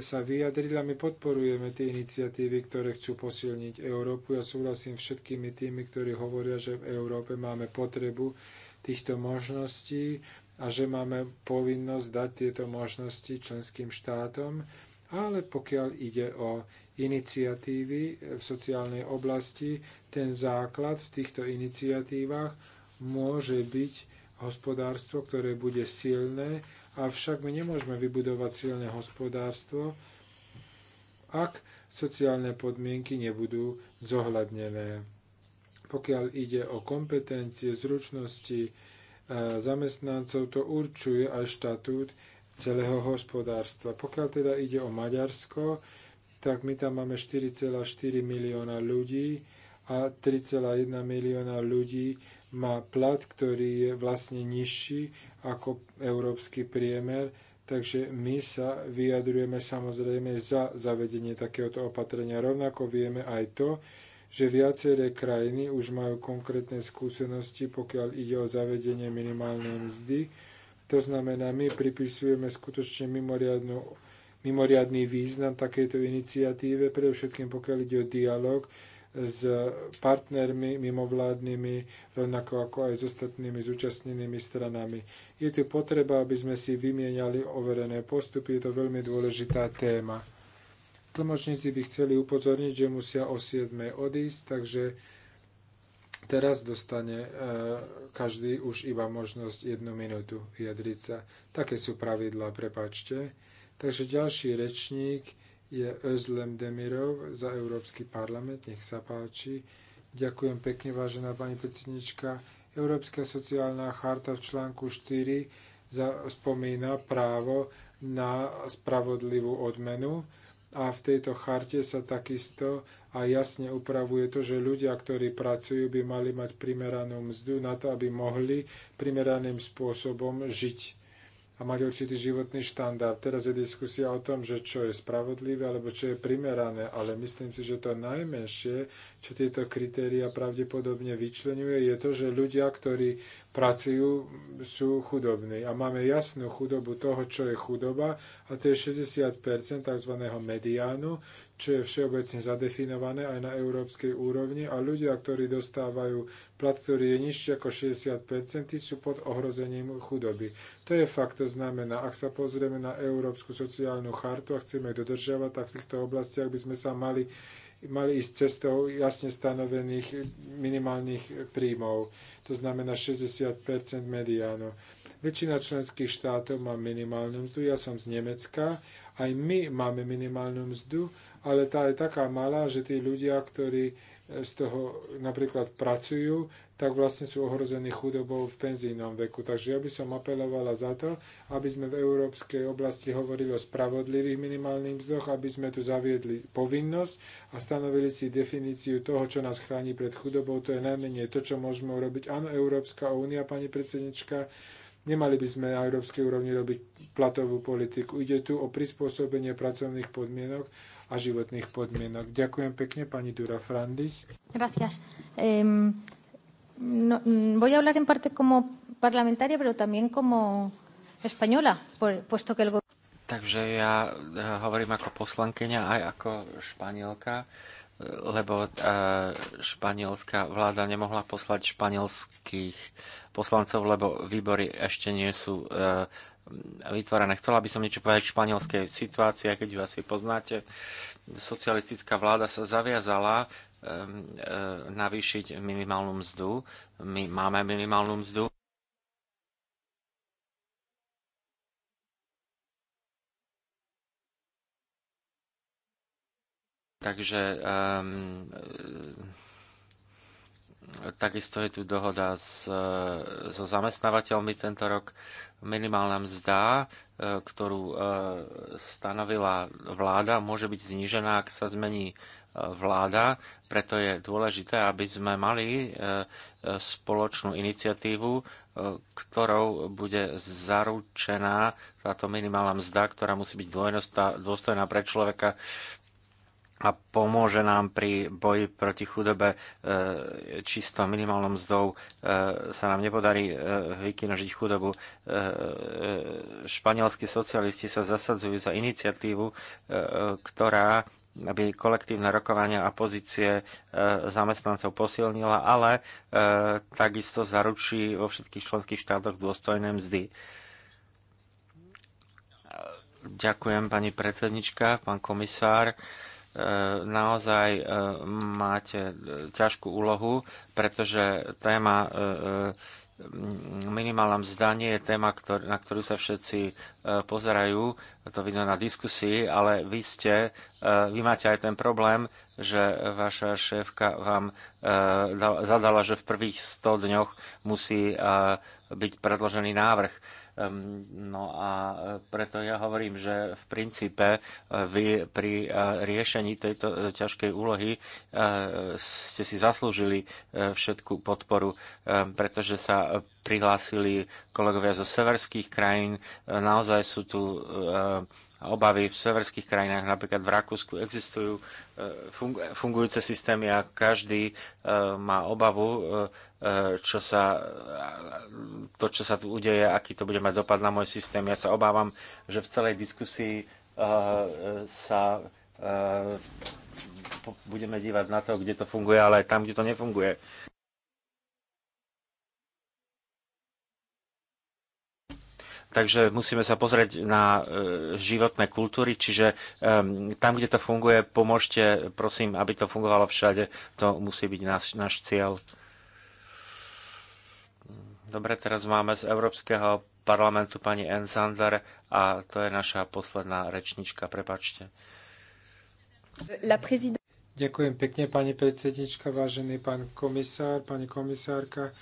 sa vyjadrila. My podporujeme tie iniciatívy, ktoré chcú posilniť Európu. Ja súhlasím všetkými tými, ktorí hovoria, že v Európe máme potrebu týchto možností a že máme povinnosť dať tieto možnosti členským štátom. Ale pokiaľ ide o iniciatívy v sociálnej oblasti, ten základ v týchto iniciatívach môže byť hospodárstvo, ktoré bude silné Avšak my nemôžeme vybudovať silné hospodárstvo, ak sociálne podmienky nebudú zohľadnené. Pokiaľ ide o kompetencie, zručnosti e, zamestnancov, to určuje aj štatút celého hospodárstva. Pokiaľ teda ide o Maďarsko, tak my tam máme 4,4 milióna ľudí a 3,1 milióna ľudí má plat, ktorý je vlastne nižší ako európsky priemer, takže my sa vyjadrujeme samozrejme za zavedenie takéhoto opatrenia. Rovnako vieme aj to, že viaceré krajiny už majú konkrétne skúsenosti, pokiaľ ide o zavedenie minimálnej mzdy. To znamená, my pripisujeme skutočne mimoriadnú, mimoriadný význam takejto iniciatíve, predovšetkým pokiaľ ide o dialog s partnermi mimovládnymi, rovnako ako aj s ostatnými zúčastnenými stranami. Je tu potreba, aby sme si vymieniali overené postupy, je to veľmi dôležitá téma. Tlmočníci by chceli upozorniť, že musia o 7. odísť, takže teraz dostane e, každý už iba možnosť jednu minútu vyjadriť sa. Také sú pravidlá, prepačte. Takže ďalší rečník je Özlem Demirov za Európsky parlament. Nech sa páči. Ďakujem pekne, vážená pani predsednička. Európska sociálna charta v článku 4 spomína právo na spravodlivú odmenu a v tejto charte sa takisto a jasne upravuje to, že ľudia, ktorí pracujú, by mali mať primeranú mzdu na to, aby mohli primeraným spôsobom žiť a mať určitý životný štandard. Teraz je diskusia o tom, že čo je spravodlivé alebo čo je primerané, ale myslím si, že to najmenšie, čo tieto kritéria pravdepodobne vyčlenuje, je to, že ľudia, ktorí pracujú, sú chudobní. A máme jasnú chudobu toho, čo je chudoba, a to je 60 tzv. mediánu, čo je všeobecne zadefinované aj na európskej úrovni a ľudia, ktorí dostávajú plat, ktorý je nižší ako 60%, sú pod ohrozením chudoby. To je fakt, to znamená, ak sa pozrieme na Európsku sociálnu chartu a chceme ju dodržiavať, tak v týchto oblastiach by sme sa mali, mali ísť cestou jasne stanovených minimálnych príjmov, to znamená 60% mediánu. Väčšina členských štátov má minimálnu mzdu, ja som z Nemecka, aj my máme minimálnu mzdu ale tá je taká malá, že tí ľudia, ktorí e, z toho napríklad pracujú, tak vlastne sú ohrození chudobou v penzijnom veku. Takže ja by som apelovala za to, aby sme v európskej oblasti hovorili o spravodlivých minimálnych mzdoch, aby sme tu zaviedli povinnosť a stanovili si definíciu toho, čo nás chráni pred chudobou. To je najmenej to, čo môžeme urobiť. Áno, Európska únia, pani predsednička, Nemali by sme na európskej úrovni robiť platovú politiku. Ide tu o prispôsobenie pracovných podmienok a životných podmienok. Ďakujem pekne, pani Dura Frandis. Gracias. Um, no, mm, voy a hablar en parte como parlamentaria, pero también como española, por, puesto que el Takže ja eh, hovorím ako poslankyňa aj ako španielka, eh, lebo eh, španielská vláda nemohla poslať španielských poslancov, lebo výbory ešte nie sú vytvorené. Chcela by som niečo povedať k španielskej situácii, keď ju asi poznáte. Socialistická vláda sa zaviazala um, uh, navýšiť minimálnu mzdu. My máme minimálnu mzdu. Takže um, Takisto je tu dohoda s, so zamestnávateľmi tento rok. Minimálna mzda, e, ktorú e, stanovila vláda, môže byť znížená, ak sa zmení e, vláda. Preto je dôležité, aby sme mali spoločnú iniciatívu, ktorou bude zaručená táto minimálna mzda, ktorá musí byť dôstojná pre človeka a pomôže nám pri boji proti chudobe e, čisto minimálnou mzdou e, sa nám nepodarí e, vykinožiť chudobu. Španielskí socialisti sa zasadzujú za iniciatívu, ktorá aby kolektívne rokovania a pozície zamestnancov posilnila, ale takisto zaručí vo všetkých členských štátoch dôstojné mzdy. Ďakujem, pani predsednička, pán komisár. E, naozaj e, máte ťažkú úlohu, pretože téma e, minimálna vzdanie je téma, na ktorú sa všetci pozerajú, to vidno na diskusii, ale vy ste, vy máte aj ten problém, že vaša šéfka vám zadala, že v prvých 100 dňoch musí byť predložený návrh No a e, preto ja hovorím, že v princípe e, vy pri e, riešení tejto ťažkej úlohy ste si zaslúžili všetku podporu, pretože sa prihlásili kolegovia zo severských krajín. E, naozaj sú tu e, obavy v severských krajinách, napríklad v Rakúsku existujú e, fungujúce systémy a každý má obavu, čo sa, to, čo sa tu udeje, aký to bude mať dopad na môj systém. Ja sa obávam, že v celej diskusii sa budeme dívať na to, kde to funguje, ale aj tam, kde to nefunguje. Takže musíme sa pozrieť na e, životné kultúry, čiže tam, kde to funguje, pomôžte, prosím, aby to fungovalo všade. To musí byť náš, náš cieľ. Dobre, teraz máme z Európskeho parlamentu pani Enzander a to je naša posledná rečnička, prepačte. La prezident... Ďakujem pekne, pani predsednička, vážený pán komisár, pani komisárka.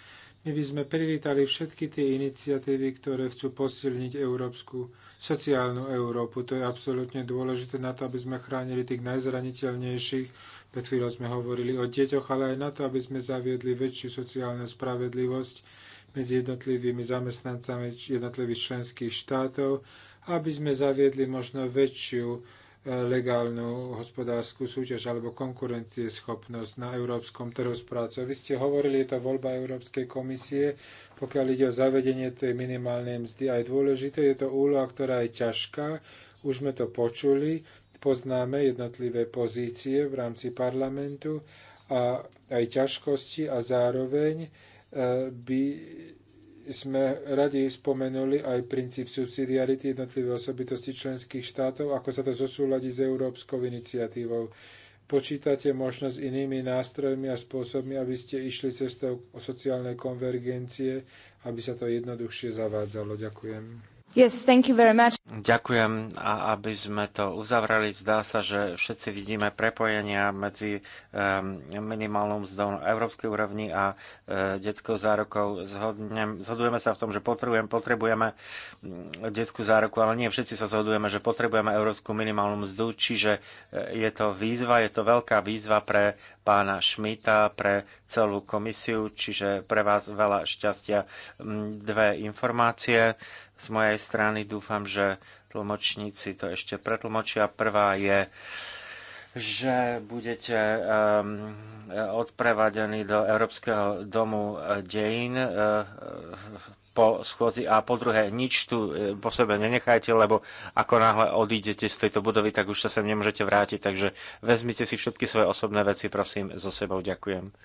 My by sme privítali všetky tie iniciatívy, ktoré chcú posilniť európsku sociálnu Európu. To je absolútne dôležité na to, aby sme chránili tých najzraniteľnejších. Pred chvíľou sme hovorili o deťoch, ale aj na to, aby sme zaviedli väčšiu sociálnu spravedlivosť medzi jednotlivými zamestnancami jednotlivých členských štátov, aby sme zaviedli možno väčšiu legálnu hospodárskú súťaž alebo konkurencieschopnosť na európskom trhu s prácou. Vy ste hovorili, je to voľba Európskej komisie, pokiaľ ide o zavedenie tej minimálnej mzdy aj dôležité, je to úloha, ktorá je ťažká, už sme to počuli, poznáme jednotlivé pozície v rámci parlamentu a aj ťažkosti a zároveň eh, by sme radi spomenuli aj princíp subsidiarity jednotlivé osobitosti členských štátov, ako sa to zosúľadí s európskou iniciatívou. Počítate možno s inými nástrojmi a spôsobmi, aby ste išli cestou sociálnej konvergencie, aby sa to jednoduchšie zavádzalo. Ďakujem. Ďakujem a aby sme to uzavrali, zdá sa, že všetci vidíme prepojenia medzi ehm, minimálnou mzdou na európskej úrovni a e, detskou zárokou. zhodujeme sa v tom, že potrebujem, potrebujeme mm, detskú zároku, ale nie všetci sa zhodujeme, že potrebujeme európsku minimálnu mzdu, čiže e, je to výzva, je to veľká výzva pre pána Šmita, pre celú komisiu, čiže pre vás veľa šťastia. Mm, dve informácie z mojej strany. Dúfam, že tlmočníci to ešte pretlmočia. Prvá je, že budete um, odprevadení do Európskeho domu eh, dejín uh, po schôdzi a po druhé nič tu eh, po sebe nenechajte, lebo ako náhle odídete z tejto budovy, tak už sa sem nemôžete vrátiť, takže vezmite si všetky svoje osobné veci, prosím, so sebou. Ďakujem.